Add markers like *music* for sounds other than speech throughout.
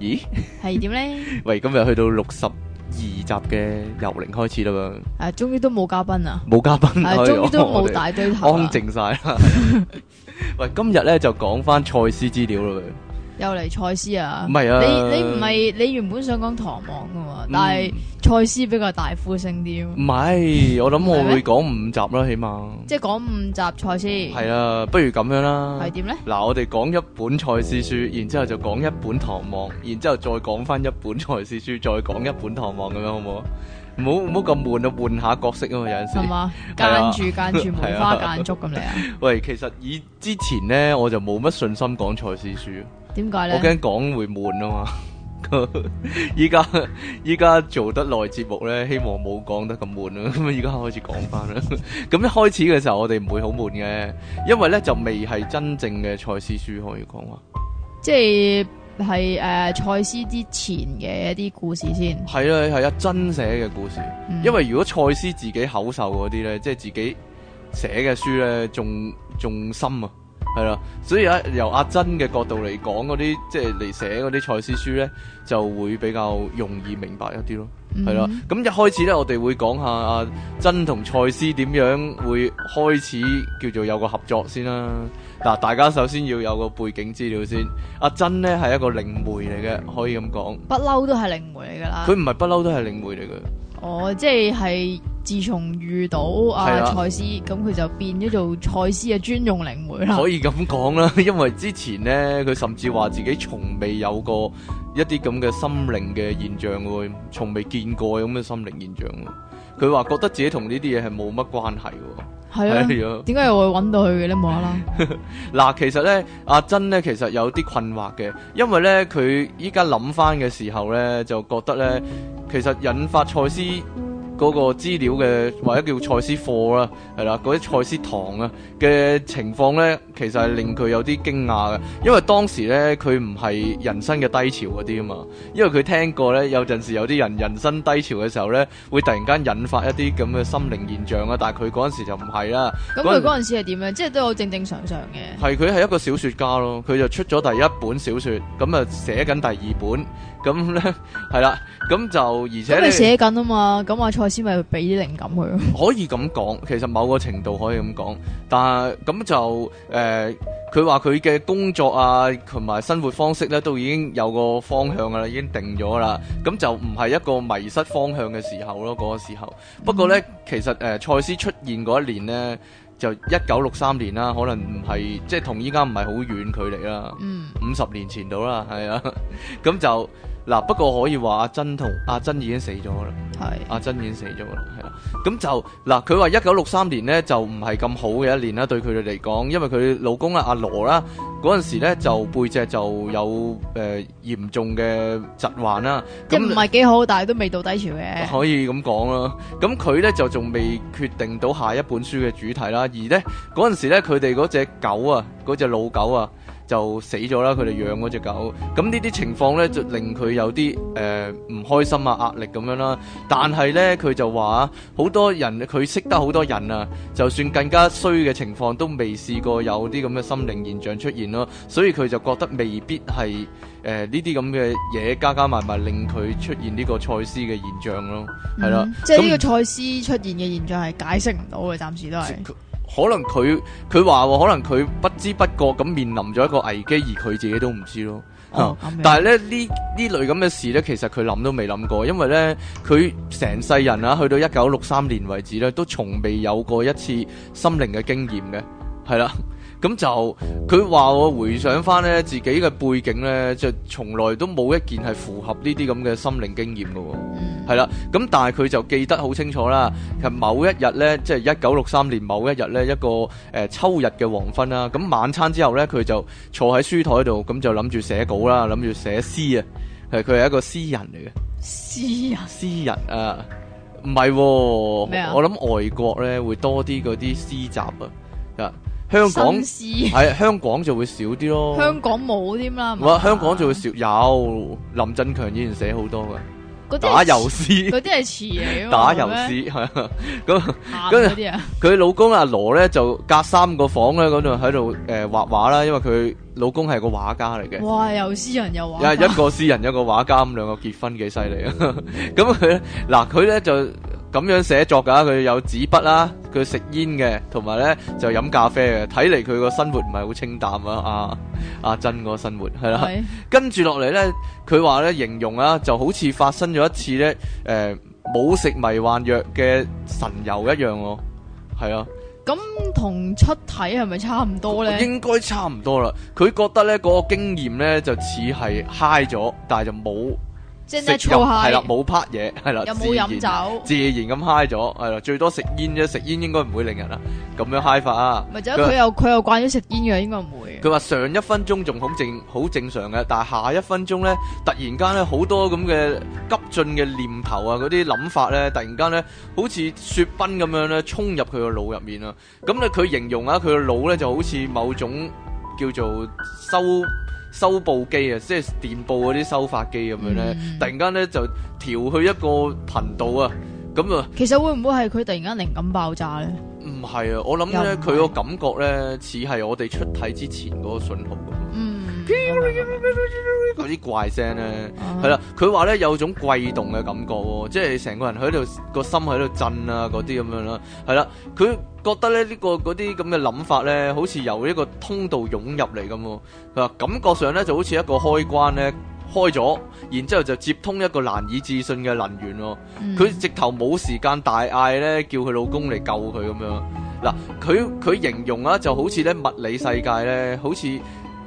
咦，係點咧？喂，今日去到六十二集嘅由零開始啦噃，啊，終於都冇嘉賓啊，冇嘉賓，啊，終於都冇大堆頭了，安靜晒啦。 *laughs* 喂，今日咧就講翻賽斯資料咯。又嚟賽斯啊！啊你你唔係你原本想講唐望噶嘛？嗯、但係賽斯比較大呼聲啲。唔係，我諗我會講五集啦，起碼。即係講五集賽斯。係啊，不如咁樣，是樣呢啦。係點咧？嗱，我哋講一本賽斯書，哦、然之後就講一本唐望，然之後再講翻一本賽斯書，哦、再講一本唐望咁樣好唔好？唔好唔好咁悶啊，換下角色啊嘛，有時。係嘛？間住間住，啊、間間梅花間竹咁嚟啊！啊 *laughs* 喂，其實以之前咧，我就冇乜信心講賽斯書。點解咧？我驚講會悶啊嘛 *laughs* 現在！依家依家做得耐節目咧，希望冇講得咁悶啊！咁啊，依家開始講翻啦！咁一開始嘅時候，我哋唔會好悶嘅，因為咧就未係真正嘅賽斯書可以講話，即係係誒賽斯之前嘅一啲故事先。係啊係啊，真寫嘅故事，嗯，因為如果賽斯自己口授嗰啲咧，即係自己寫嘅書咧，仲仲深啊！係啦，所以咧由阿珍嘅角度嚟講嗰啲，即係嚟寫嗰啲賽斯書咧，就會比較容易明白一啲咯。係、mm-hmm. 啦，咁一開始咧，我哋會講下阿珍同賽斯點樣會開始叫做有個合作先啦。嗱，大家首先要有個背景資料先。阿珍咧係一個靈媒嚟嘅，可以咁講。靈不嬲都係靈媒嚟噶啦佢唔係不嬲都係靈媒嚟嘅。哦、oh，即係自從遇到阿賽斯，咁佢、啊、就變咗做賽斯嘅專用靈媒啦。可以咁講啦，因為之前咧，佢甚至話自己從未有過一啲咁嘅心靈嘅現象，從未見過咁嘅心靈現象。佢話覺得自己同呢啲嘢係冇乜關係喎。係啊，點解又會揾到佢嘅咧？無 *laughs* *laughs* 啦啦，嗱，其實咧，阿珍咧，其實有啲困惑嘅，因為咧，佢依家諗翻嘅時候咧，就覺得咧，其實引發賽斯。嗰、那個資料嘅或者叫賽斯課啦，係啦，嗰啲賽斯堂啊嘅情況呢，其實係令佢有啲驚訝嘅，因為當時呢，佢唔係人生嘅低潮嗰啲啊嘛，因為佢聽過呢，有陣時有啲人人生低潮嘅時候呢，會突然間引發一啲咁嘅心靈現象啊，但係佢嗰陣時就唔係啦。咁佢嗰陣時係點樣？即係都正正常常嘅。係佢係一個小説家咯，佢就出咗第一本小説，咁啊寫緊第二本。咁 *laughs* 咧、嗯，係啦，咁就而且你寫緊啊嘛，咁阿賽斯咪俾啲靈感佢咯，嗯，可以咁講，其實某個程度可以咁講，但係咁、嗯、就誒，佢話佢嘅工作啊，同埋生活方式咧，都已經有個方向噶啦，已經定咗啦。咁就唔係一個迷失方向嘅時候咯，嗰、那個時候。不過咧、嗯，其實、呃、賽斯出現嗰一年咧，就一九六三年啦，可能唔係即係同依家唔係好遠距離啦。嗯，五十年前到啦，係啊，咁、嗯、就。嗯嗱，不過可以話阿珍同阿珍已經死咗啦，阿珍已經死咗啦，係啦。咁就嗱，佢話一九六三年咧就唔係咁好嘅一年啦，對佢哋嚟講，因為佢老公啊阿羅啦，嗰陣時咧就背脊就有誒、呃、嚴重嘅疾患啦。咁唔係幾好，但係都未到低潮嘅。可以咁講啦。咁佢咧就仲未決定到下一本書嘅主題啦。而咧嗰陣時咧，佢哋嗰隻狗啊，嗰隻老狗啊。就死咗啦！佢哋養嗰隻狗，咁呢啲情況呢，就令佢有啲誒唔開心啊壓力咁樣啦。但係呢，佢就話好多人佢識得好多人啊，就算更加衰嘅情況都未試過有啲咁嘅心靈現象出現咯。所以佢就覺得未必係誒呢啲咁嘅嘢加加埋埋令佢出現呢個賽斯嘅現象咯。係啦，嗯、即係呢個賽斯出現嘅現象係解釋唔到嘅，嗯、暫時都係。可能佢佢話可能佢不知不覺咁面臨咗一個危機，而佢自己都唔知咯，哦嗯。但係咧呢呢類咁嘅事呢，其實佢諗都未諗過，因為呢，佢成世人啊，去到一九六三年為止呢，都從未有過一次心靈嘅經驗嘅，係啦。咁就佢話我回想翻咧自己嘅背景咧，就從來都冇一件係符合呢啲咁嘅心靈經驗嘅喎。係、嗯、啦，咁但係佢就記得好清楚啦。其實某一日咧，即係一九六三年某一日咧，一個誒秋日嘅黃昏啦。咁晚餐之後咧，佢就坐喺書台度，咁就諗住寫稿啦，諗住寫詩啊。係佢係一個詩人嚟嘅。詩呀，詩人啊，唔係、哦。喎，我諗外國咧會多啲嗰啲詩集啊。啊。香港係香港就會少啲咯，香港冇添啦。香港就會少有、啊、會少有林振強以前寫好多噶，打油詩，啲係打油詩係咁，啲啊，佢、 *laughs* 嗯 *laughs* 嗯、老公阿羅咧就隔三個房咧，嗰度喺度誒畫畫啦，因為佢老公係個畫家嚟嘅。哇！又詩人又畫，一個詩人一個畫家咁兩 *laughs* 個結婚幾犀利啊！咁佢嗱佢咧就。咁樣寫作噶，佢有紙筆啦，佢食煙嘅，同埋呢就飲咖啡嘅，睇嚟佢個生活唔係好清淡啊！阿 *laughs* 阿、啊啊、珍個生活係啦，跟住落嚟呢，佢話呢形容啊，就好似發生咗一次呢，誒冇食迷幻藥嘅神遊一樣喎、哦。係啊，咁同出體係咪差唔多呢？應該差唔多啦，佢覺得呢個、那個經驗呢就似係嗨咗，但係就冇。即係係啦，冇 part 嘢係啦，又冇飲酒，自然咁嗨咗啦，最多食煙啫，食煙應該唔會令人啊咁樣嗨法啊。佢又佢又慣咗食煙嘅，應該唔會。佢話上一分鐘仲好正好正常嘅，但係下一分鐘咧，突然間咧好多咁嘅急進嘅念頭啊，嗰啲諗法咧，突然間咧好似雪崩咁樣咧，衝入佢個腦入面啊。咁咧佢形容啊，佢個腦咧就好似某種叫做收收報機啊，即係電報嗰啲收發機咁樣咧，突然間咧就調去一個頻道啊，咁啊，其實會唔會係佢突然間靈感爆炸咧？唔係啊，我諗咧佢個感覺咧似係我哋出體之前嗰個信號咁。嗯嗰啲怪聲咧，係啦，佢話咧有種悸動嘅感覺，即係成個人喺度個心喺度震啊，嗰啲咁樣啦，係啦，佢覺得咧呢個嗰啲咁嘅諗法咧，好似由一個通道湧入嚟咁，佢話感覺上咧就好似一個開關咧開咗，然之後就接通一個難以置信嘅能源咯，佢直頭冇時間大嗌咧，叫佢老公嚟救佢咁樣，嗱，佢佢形容啊就好似咧物理世界咧好似。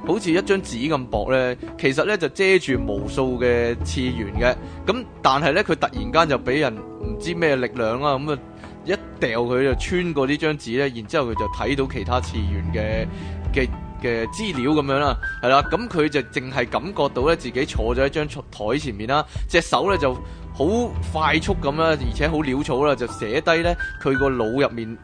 好似一張紙咁薄咧，其實咧就遮住無數嘅次元嘅，咁但係咧佢突然間就俾人唔知咩力量啦，咁啊一掉佢就穿過呢張紙咧，然之後佢就睇到其他次元嘅嘅嘅資料咁樣啦，係啦，咁佢就淨係感覺到咧自己坐咗喺張枱前面啦，隻手咧就好快速咁啦，而且好潦草啦，就寫低咧佢個腦入面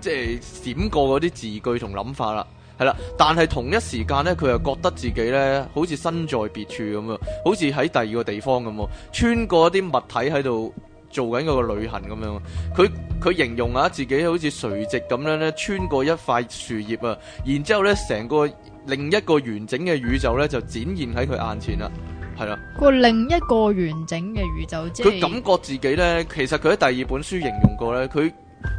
即係、就是、閃過嗰啲字句同諗法啦。係啦，但係同一時間咧，佢又覺得自己咧，好似身在別處咁樣，好似喺第二個地方咁，穿過一啲物體喺度做緊嗰個旅行咁樣。佢佢形容啊，自己好似垂直咁樣咧，穿過一塊樹葉啊，然之後咧，成個另一個完整嘅宇宙咧，就展現喺佢眼前啦。係啦，個另一個完整嘅宇宙，佢、即係、感覺自己咧，其實佢喺第二本書形容過咧，佢。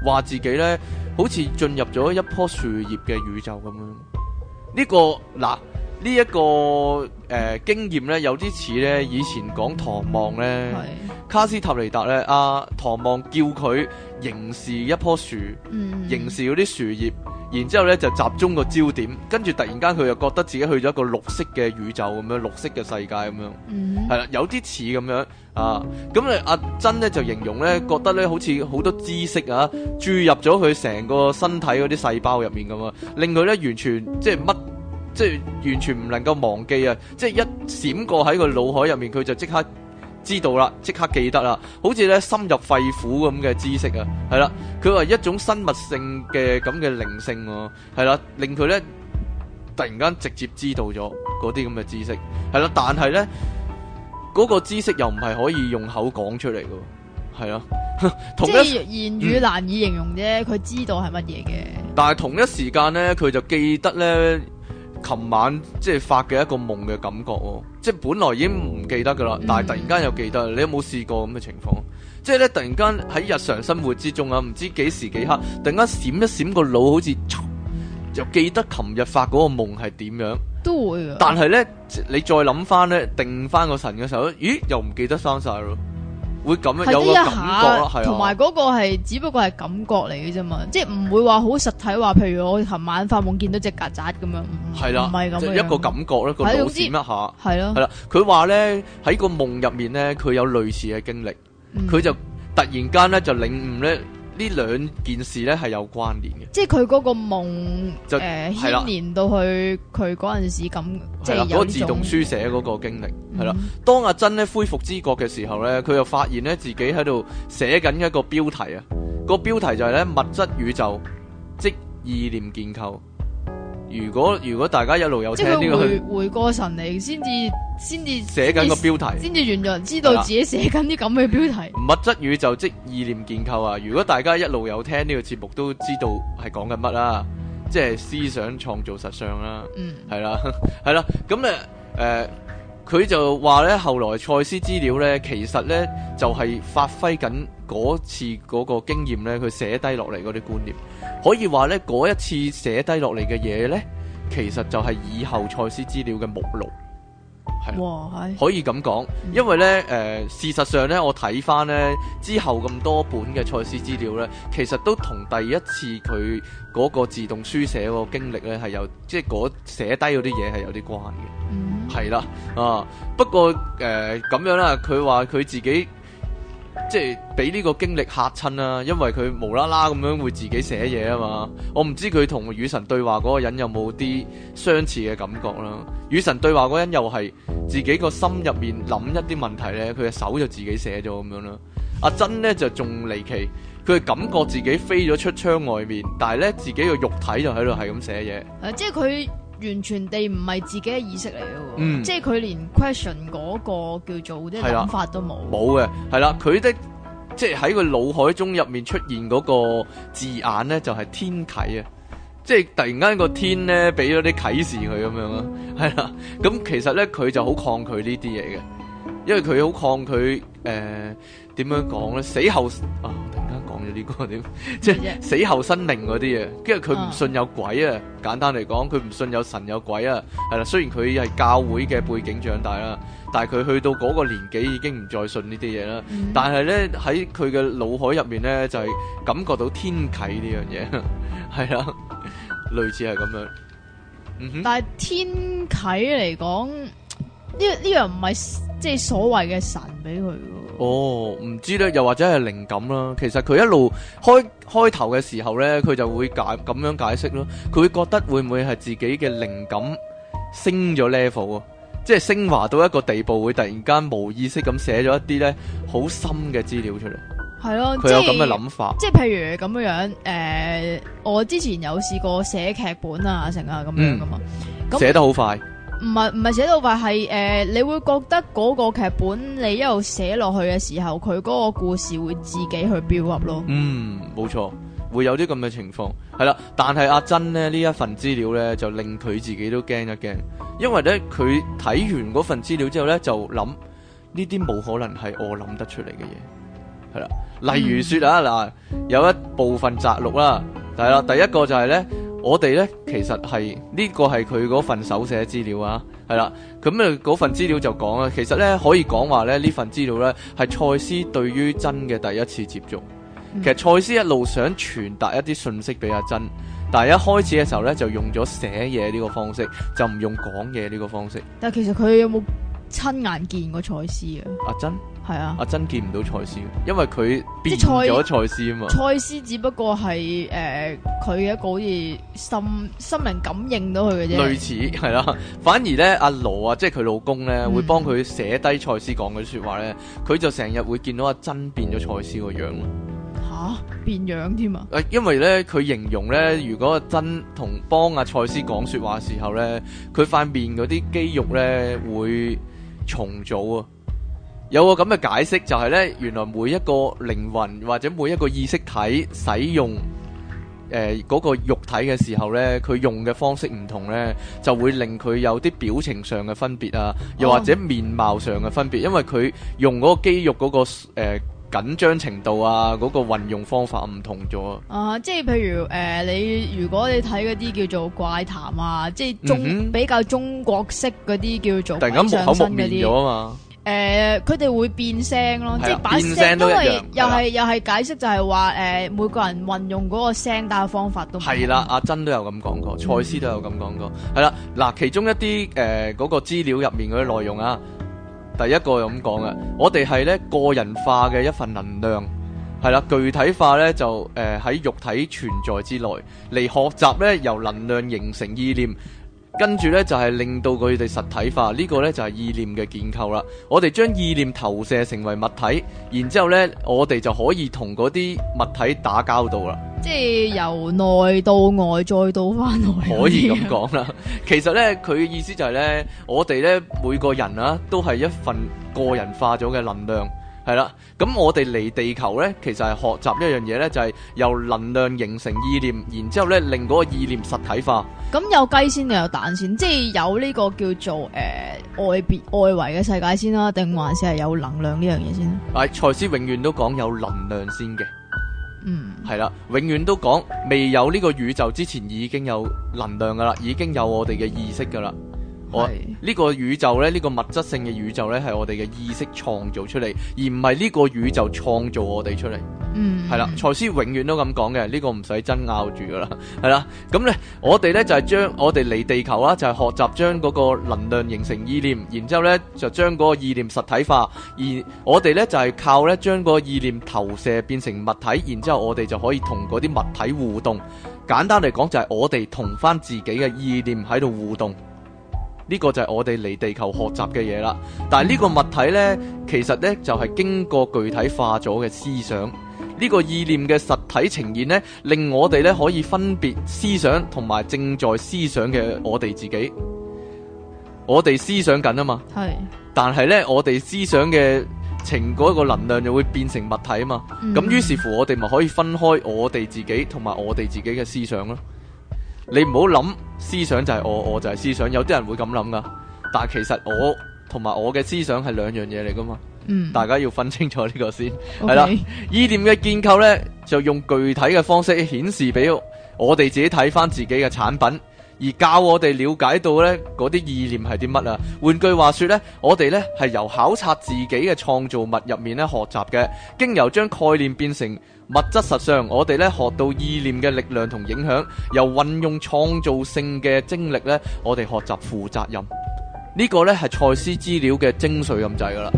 話自己咧，好似進入咗一棵樹葉嘅宇宙咁樣，呢個嗱。呢、這、一個誒、呃、經驗呢，有啲似呢。以前講唐望咧，卡斯塔尼達呢，阿唐望叫佢凝視一棵樹，凝視嗰啲樹葉，然之後呢就集中個焦點，跟住突然間佢又覺得自己去咗一個綠色嘅宇宙咁樣，綠色嘅世界咁樣，係、嗯、啦，有啲似咁樣啊。咁啊，阿珍呢就形容呢，覺得呢好似好多知識啊，注入咗佢成個身體嗰啲細胞入面咁啊，令佢呢完全即係乜。即係完全唔能夠忘記啊！即係一閃過喺個腦海入面，佢就即刻知道啦，即刻記得啦，好似咧深入肺腑咁嘅知識啊，係啦。佢話一種生物性嘅咁嘅靈性，係啦，令佢咧突然間直接知道咗嗰啲咁嘅知識，係啦。但係咧嗰個知識又唔係可以用口講出嚟嘅，係啊，同一言語難以形容啫。佢、嗯、知道係乜嘢嘅，但係同一時間咧，佢就記得咧。琴晚即係發嘅一個夢嘅感覺喎、哦，即係本來已經唔記得噶啦，嗯、但係突然間又記得，你有冇試過咁嘅情況？即係咧，突然間喺日常生活之中啊，唔知幾時幾刻，突然間閃一閃，一閃個腦好，好似又記得琴日發嗰個夢係點樣，都會。但係咧，你再諗翻咧，定翻個神嘅時候，咦，又唔記得生晒咯。會咁樣有個感覺係同埋嗰個係只不過係感覺嚟嘅啫嘛，即係唔會話好實體話。譬如我琴晚發夢見到隻曱甴咁樣，係啦，唔係咁樣一個感覺咯，個腦閃一下，係咯，係啦。佢話咧喺個夢入面咧，佢有類似嘅經歷，佢、嗯、就突然間咧就領悟咧。呢兩件事咧係有關聯嘅，即係佢嗰個夢就誒、呃、牽連到佢佢嗰陣時咁，即係嗰、嗰個、自動書寫嗰個經歷係啦、嗯。當阿珍咧恢復知覺嘅時候咧，佢又發現咧自己喺度寫緊一個標題啊，嗰個標題就係咧物質宇宙即意念建構。如果如果大家一路有聽呢個回去回過神嚟，先至，先至寫緊個標題，先至原來知道自己寫緊啲咁嘅標題。物質宇宙即意念建構啊！如果大家一路有聽呢、這個節目，都知道係講緊乜啦，嗯、即係思想創造實相啦，係、嗯、啦，係啦。咁咧，誒，佢、呃、就話咧，後來賽斯資料咧，其實咧就係、是、發揮緊嗰次嗰個經驗咧，佢寫低落嚟嗰啲觀念，可以話咧嗰一次寫低落嚟嘅嘢咧，其實就係以後賽斯資料嘅目錄。可以咁講，因為呢、呃、事實上呢，我睇翻呢之後咁多本嘅賽斯資料呢，其實都同第一次佢嗰個自動書寫嗰個經歷咧係有，即係嗰寫低嗰啲嘢係有啲關嘅。係、嗯、啦，啊不過誒咁、呃、樣啦，佢話佢自己。即係俾呢個經歷吓親啦，因為佢無啦啦咁樣會自己寫嘢啊嘛，我唔知佢同與神對話嗰個人有冇啲相似嘅感覺啦。與神對話嗰人又係自己個心入面諗一啲問題咧，佢嘅手就自己寫咗咁樣囉。阿珍咧就仲離奇，佢感覺自己飛咗出窗外面，但係咧自己個肉體就喺度係咁寫嘢。誒、啊，即係佢。完全地唔係自己嘅意識嚟嘅喎，即係佢連 question 嗰個叫做啲諗法都冇冇嘅，係啦。佢的、嗯、的即係喺佢腦海中入面出現嗰個字眼咧，就係、是、天啟啊！即係突然間個天咧俾咗啲啟示佢咁樣啊，係啦。咁其實咧佢就好抗拒呢啲嘢嘅，因為佢好抗拒、呃點樣講咧？死後啊，突然間講咗呢個點，即係、就是、死後生靈嗰啲嘢。跟住佢唔信有鬼啊，啊簡單嚟講，佢唔信有神有鬼啊。係啦，雖然佢係教會嘅背景長大啦、嗯，但係佢去到嗰個年紀已經唔再信呢啲嘢啦。但係咧，喺佢嘅腦海入面咧，就係、是、感覺到天啟呢樣嘢，係啦，類似係咁樣。嗯、但係天啟嚟講，呢呢樣唔係。這個即係所謂嘅神俾佢哦，唔知咧，又或者係靈感啦。其實佢一路開開頭嘅時候咧，佢就會解咁樣解釋咯。佢會覺得會唔會係自己嘅靈感升咗 level 啊？即係升華到一個地步，會突然間無意識咁寫咗一啲咧好深嘅資料出嚟。係咯、啊，佢有咁嘅諗法。即係譬如咁樣樣，誒、呃，我之前有試過寫劇本啊，成啊咁樣噶嘛，寫、嗯、得好快。唔係唔係寫到話係誒、呃，你會覺得嗰個劇本你一路寫落去嘅時候，佢嗰個故事會自己去 build up 咯。嗯，冇錯，會有啲咁嘅情況係啦。但係阿珍呢，呢一份資料咧，就令佢自己都驚一驚，因為咧佢睇完嗰份資料之後咧，就諗呢啲冇可能係我諗得出嚟嘅嘢，係啦。例如說啊嗱、嗯，有一部分摘錄啦，係啦、嗯，第一個就係咧。我哋呢，其實係呢個係佢嗰份手寫資料啊，係啦，咁啊嗰份資料就講啊，其實呢可以講話呢呢份資料呢係賽斯對於珍嘅第一次接觸。嗯、其實賽斯一路想傳達一啲信息俾阿珍，但係一開始嘅時候呢，就用咗寫嘢呢個方式，就唔用講嘢呢個方式。但其實佢有冇親眼見過賽斯啊？阿珍。係啊，阿珍見唔到賽斯，因為佢變咗賽斯啊嘛。賽斯只不過係誒佢嘅一個好似心心靈感應到佢嘅啫。類似係啦， *laughs* 反而咧阿羅啊，即係佢老公咧，嗯，會幫佢寫低賽斯講嘅說的話咧，佢就成日會見到阿珍變咗賽斯個樣咯。吓，啊，變樣添啊？誒，因為咧佢形容咧，如果阿珍同幫阿賽斯講說的話的時候咧，佢塊面嗰啲肌肉咧會重組啊。有個咁嘅解釋就係呢：原來每一個靈魂或者每一個意識體使用嗰、呃嗰個肉體嘅時候呢，佢用嘅方式唔同呢，就會令佢有啲表情上嘅分別啊，又或者面貌上嘅分別，啊、因為佢用嗰個肌肉嗰、嗰個緊、呃、緊張程度啊，嗰、嗰個運用方法唔同咗啊！即係譬如、呃、你如果你睇嗰啲叫做怪談啊，即係中、嗯、比較中國式嗰啲叫做，突然間木口木面咗啊嘛！誒，佢哋會變聲咯，即係把聲，因為又係又係解釋就係話誒，每個人運用嗰個聲帶嘅方法都唔同。係啦，阿珍都有咁講過，賽斯都有咁講過。係啦，嗱，其中一啲誒嗰個資料入面嗰啲內容啊，第一個咁講嘅，我哋係咧個人化嘅一份能量，係啦，具體化咧就誒喺肉體存在之內嚟學習咧，由能量形成意念。跟住呢，就係、是、令到佢哋實體化，呢、這個呢，就係、是、意念嘅建構啦。我哋將意念投射成為物體，然之後呢，我哋就可以同嗰啲物體打交道啦。即係由內到外，再到翻嚟，可以咁講啦。 *laughs* 其實呢，佢嘅意思就係、是、呢：我哋呢，每個人啊都係一份個人化咗嘅能量。係啦，咁我哋嚟地球呢，其實係學習一樣嘢呢，就係、是、由能量形成意念，然之後呢，令嗰個意念實體化。咁有雞先又有蛋先，即係有呢個叫做誒、呃、外別外圍嘅世界先啦，定還是係有能量呢樣嘢先？係，賽斯永遠都講有能量先嘅，嗯，係啦，永遠都講未有呢個宇宙之前已經有能量噶啦，已經有我哋嘅意識噶啦。呢、個宇宙呢，呢、個物質性嘅宇宙呢，係我哋嘅意識創造出嚟，而唔係呢個宇宙創造我哋出嚟。嗯，係啦，賽斯永遠都咁講嘅，呢、個唔使爭拗住噶啦。係啦，咁、呢，我哋呢，就係、將我哋嚟地球啦，就係、學習將嗰個能量形成意念，然之後呢，就將嗰個意念實體化。而我哋呢，就係、靠呢，將個意念投射變成物體，然之後我哋就可以同嗰啲物體互動。簡單嚟講，就係我哋同翻自己嘅意念喺度互動。呢、個就係我哋嚟地球學習嘅嘢啦，但係呢個物體呢，其實呢，就係、是、經過具體化咗嘅思想，呢、個意念嘅實體呈現呢，令我哋呢可以分別思想同埋正在思想嘅我哋自己，我哋思想緊啊嘛，係，但係呢，我哋思想嘅情嗰個能量就會變成物體啊嘛，咁、嗯、於是乎我哋咪可以分開我哋自己同埋我哋自己嘅思想咯。你唔好諗，思想就係我，我就係思想，有啲人會咁諗噶，但係其實我同埋我嘅思想係兩樣嘢嚟噶嘛，嗯，大家要分清楚呢個先係啦，okay。意念嘅建構呢，就用具體嘅方式顯示俾我哋自己睇翻自己嘅產品，而教我哋了解到呢嗰啲意念係啲乜啊？換句話說呢，我哋呢係由考察自己嘅創造物入面咧學習嘅，經由將概念變成。物質實上，我哋咧學到意念嘅力量同影響，由運用創造性嘅精力咧，我哋學習負責任。呢、這個咧係賽斯資料嘅精髓咁滯噶啦，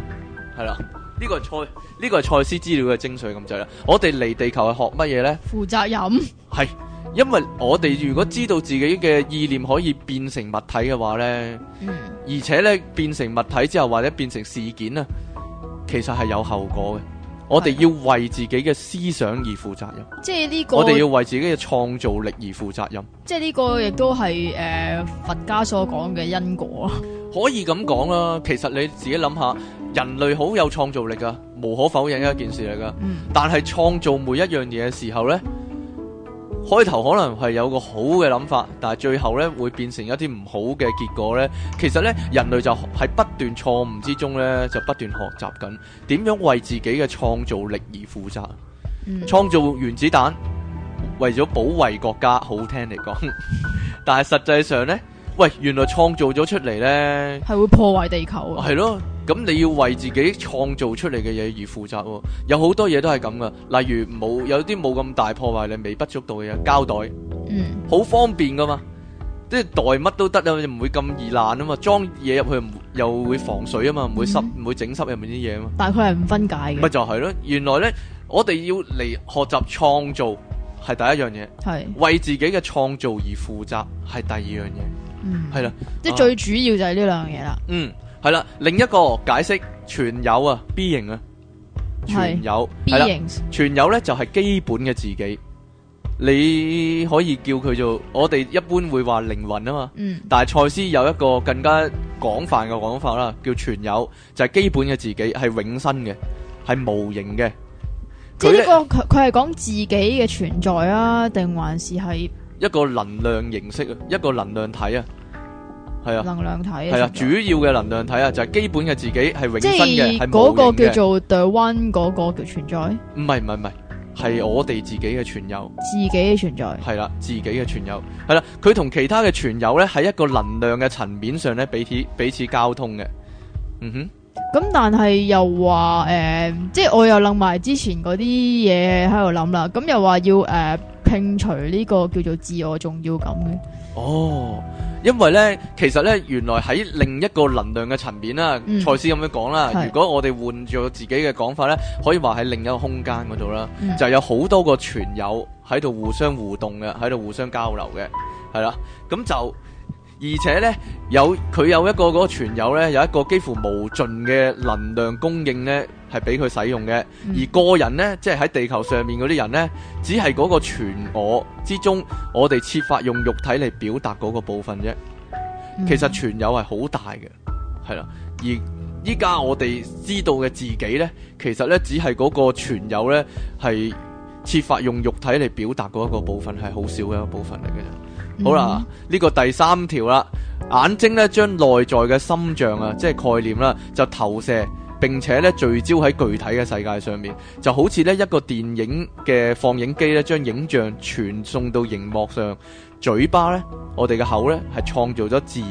係啦，呢、這個係賽呢個係賽斯資料嘅精髓咁滯啦。我哋嚟地球係學乜嘢呢？負責任。係，因為我哋如果知道自己嘅意念可以變成物體嘅話呢、嗯，而且咧變成物體之後或者變成事件啊，其實係有後果嘅。我哋要為自己嘅思想而負責任，即係呢個。我哋要為自己嘅創造力而負責任，即係呢個亦都係誒，佛家所講嘅因果啊。可以咁講啦，其實你自己諗下，人類好有創造力噶，無可否認一件事嚟噶、嗯。但係創造每一樣嘢嘅時候咧。開頭可能係有個好嘅諗法，但係最後呢，會變成一啲唔好嘅結果呢，其實呢，人類就喺不斷錯誤之中呢就不斷學習緊點樣為自己嘅創造力而負責。嗯、創造原子彈，為咗保衛國家，好聽嚟講， *laughs* 但係實際上呢，喂，原來創造咗出嚟呢，係會破壞地球。係咯。咁你要為自己創造出嚟嘅嘢而負責，哦，有好多嘢都係咁噶。例如冇有啲冇咁大破壞，你微不足道嘅嘢膠袋，嗯，好方便噶嘛。即係袋乜都得啦,唔會咁易爛啊嘛。裝嘢入去又會防水啊嘛，唔會濕，唔、嗯、會整濕入面啲嘢啊嘛。但概係係唔分解嘅。咪就係咯，原來咧，我哋要嚟學習創造係第一樣嘢，係為自己嘅創造而負責係第二樣嘢，係、嗯、啦，即係最主要就係呢兩樣嘢啦。嗯。係啦，另一個解釋，全有啊 B 型啊，全有，係啦，全有咧就係基本嘅自己，你可以叫佢做，我哋一般會話靈魂啊嘛，嗯，但係賽斯有一個更加廣泛嘅講法啦，叫全有，就係、是、基本嘅自己，係永生嘅，係無形嘅。即係這個、呢個佢佢係講自己嘅存在啊，定還是係一個能量形式啊，一個能量體啊。係啊，能量體系啊，主要嘅能量體啊，就係、是、基本嘅自己係永生嘅，係嗰、那個叫做 the one 嗰個叫存在？唔係唔係唔係，係我哋自己嘅存有，嗯是啊、自己嘅存在。係啦、啊，自己嘅存有，係啦、啊，佢同其他嘅存有咧，喺一個能量嘅層面上咧，彼此彼此交通嘅。嗯哼。咁但係又話誒、呃，即係我又諗埋之前嗰啲嘢喺度諗啦，咁又話要誒摒、呃、除呢個叫做自我重要感嘅。哦。因為咧，其實咧，原來喺另一個能量嘅層面啦，賽斯咁樣講啦，如果我哋換咗我自己嘅講法咧，可以話係另一個空間嗰度啦，就有好多個傳友喺度互相互動嘅，喺度互相交流嘅，係啦，咁就而且咧，有佢有一個嗰個傳友咧，有一個幾乎無盡嘅能量供應咧。係俾佢使用嘅，而個人呢，即係喺地球上面嗰啲人呢，只係嗰個全我之中，我哋設法用肉體嚟表達嗰個部分啫。Mm-hmm. 其實全有係好大嘅，係啦。而依家我哋知道嘅自己呢，其實呢，只係嗰個全有呢，係設法用肉體嚟表達嗰一個部分，係好少嘅一個部分嚟嘅。Mm-hmm. 好啦，呢、這個第三條啦，眼睛呢，將內在嘅心象啊，即係概念啦、啊，就投射。並且咧聚焦喺具體嘅世界上面，就好似呢一個電影嘅放映機咧，將影像傳送到熒幕上。嘴巴呢，我哋嘅口呢，係創造咗字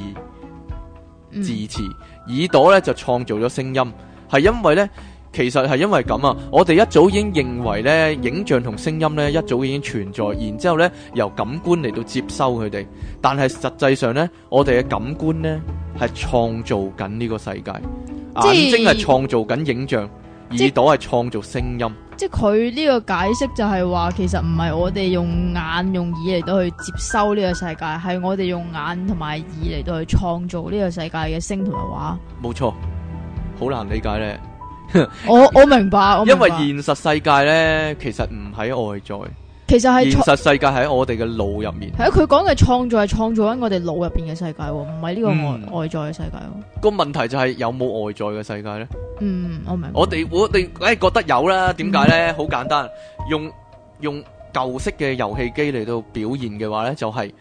字詞、嗯；耳朵呢就創造咗聲音。係因為呢。其實係因為咁啊，我哋一早已經認為咧，影像同聲音咧，一早已經存在。然之後咧，由感官嚟到接收佢哋。但係實際上咧，我哋嘅感官咧係創造緊呢個世界，眼睛係創造緊影像，耳朵係創造聲音。即係佢呢個解釋就係話，其實唔係我哋用眼用耳嚟到去接收呢個世界，係我哋用眼同埋耳嚟到去創造呢個世界嘅聲同埋畫。冇錯，好難理解咧。我我明白，因為現實世界咧，其實唔喺外在，其實係現實世界係喺我哋嘅腦入面。係啊，佢講嘅創造係創造喺我哋腦入邊嘅世界，唔係呢個外外在嘅世界。個問題就係有冇外在嘅世界咧？嗯，我明。我哋我哋誒覺得有啦。點解咧？好簡單，用用舊式嘅遊戲機嚟到表現嘅話咧，就係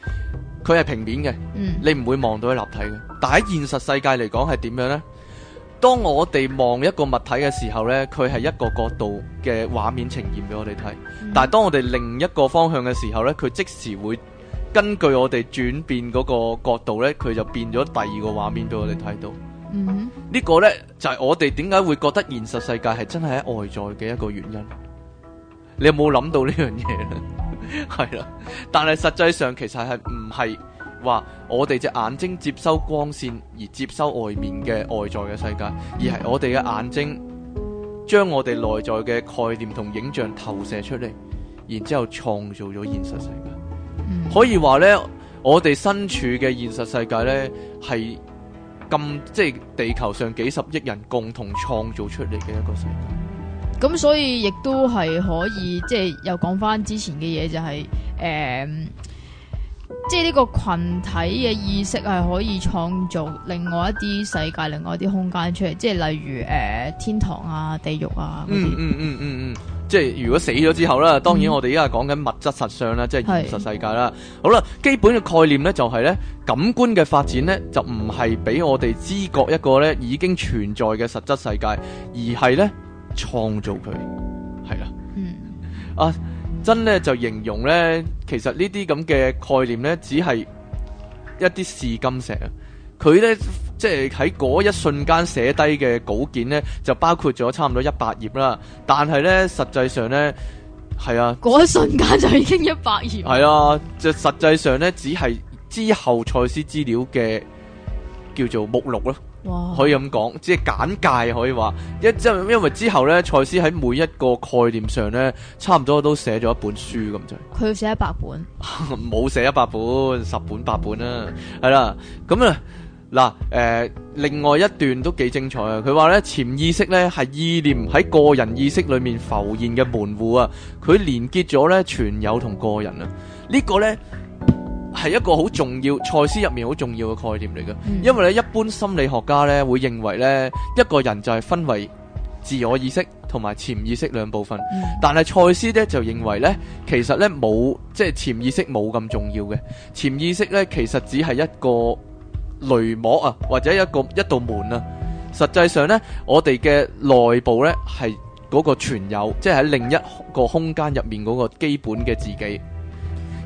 佢係平面嘅，嗯，你唔會望到佢立體嘅。但喺現實世界嚟講係點樣咧？當我哋望一個物體嘅時候呢，佢係一個角度嘅畫面呈現俾我哋睇。但係當我哋另一個方向嘅時候呢，佢即時會根據我哋轉變嗰個角度呢，佢就變咗第二個畫面俾我哋睇到。嗯，呢個呢，就係我哋點解會覺得現實世界係真係喺外在嘅一個原因。你有冇諗到這件事呢樣嘢咧？係 *laughs* 啦，但係實際上其實係唔係。話我哋隻眼睛，接收光線，而接收外面嘅外在嘅世界，而係我哋嘅眼睛將我哋內在嘅概念同影像投射出嚟，然之後創造咗現實世界。嗯、可以話呢，我哋身處嘅現實世界呢，係咁，即係地球上幾十億人共同創造出嚟嘅一個世界。咁所以亦都係可以，即係又講翻之前嘅嘢，就係誒。即係呢個群體嘅意識係可以創造另外一啲世界、另外一啲空間出嚟，即係例如誒、呃、天堂啊、地獄啊。嗯嗯嗯嗯嗯，即係如果死咗之後啦、嗯，當然我哋依家講緊物質實相啦、嗯，即係現實世界啦。好啦，基本嘅概念咧就係咧，感官嘅發展咧就唔係俾我哋知覺一個咧已經存在嘅實質世界，而係咧創造佢。係啦。嗯，啊。真咧就形容呢，其實呢啲咁嘅概念呢，只係一啲試金石啊！佢呢，即係喺嗰一瞬間寫低嘅稿件呢，就包括咗差唔多一百頁啦。但係呢，實際上呢，係啊，一瞬間就已經一百頁。係啊，就實際上呢，只係之後賽斯資料嘅叫做目錄咯。可以咁講，即係簡介可以話，一即因為之後呢，賽斯喺每一個概念上呢，差唔多都寫咗一本書咁就。佢寫一百本？冇寫一百本，十本八本，啊、啦，係啦。咁啊，嗱，誒，另外一段都幾精彩啊！佢話呢，潛意識呢係意念喺個人意識裏面浮現嘅門戶啊，佢連結咗呢，全友同個人啊，呢、這個呢。係一個好重要，賽斯入面好重要嘅概念嚟嘅。因為咧，一般心理學家咧會認為咧，一個人就係分為自我意識同埋潛意識兩部分。但係賽斯咧就認為咧，其實咧冇即係潛意識冇咁重要嘅。潛意識咧其實只係一個雷膜啊，或者一個一道門啊。實際上咧，我哋嘅內部咧係嗰個存有，即係喺另一個空間入面嗰個基本嘅自己。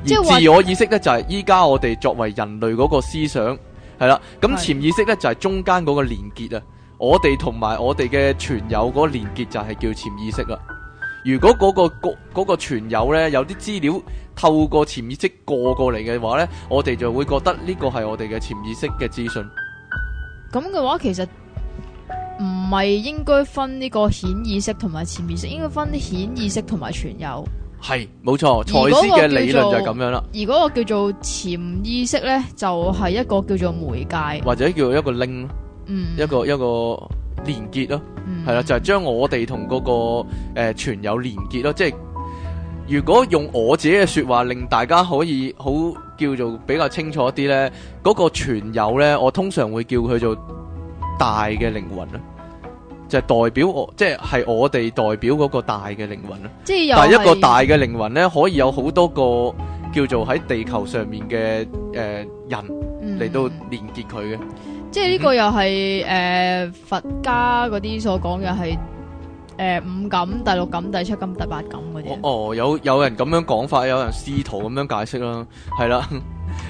而自我意識咧就係依家我哋作為人類嗰個思想係啦，咁潛意識咧就係、是、中間嗰個連結啊，我哋同埋我哋嘅存有嗰個連結就係叫潛意識啦。如果嗰、嗰個嗰、嗰個嗰個、嗰個存有咧有啲資料透過潛意識過過嚟嘅話呢，我哋就會覺得呢個係我哋嘅潛意識嘅資訊。咁嘅話其實唔係應該分呢個顯意識同埋潛意識，應該分啲顯意識同埋存有」。係冇錯，賽斯嘅理論就係咁樣啦。而嗰個叫做潛意識咧，就係、是、一個叫做媒介，或者叫做一個 link 咯、嗯，一個一個連結咯，係、嗯、啦，就係、是、將我哋同嗰個誒存、呃、有連結咯。即係如果用我自己嘅說話令大家可以好叫做比較清楚啲咧，嗰、那個存有咧，我通常會叫佢做大嘅靈魂咯。就係、代表、就係、我代表，即係我哋代表嗰個大嘅靈魂啦。即係有、但係一個大嘅靈魂咧、嗯，可以有好多個叫做喺地球上面嘅人嚟到連結佢嘅、嗯。即係呢個又係、嗯、佛家嗰啲所講嘅係五感、第六感、第七感、第八感嗰啲、哦。哦，有有人咁樣講法，有人試圖咁樣解釋啦，係啦。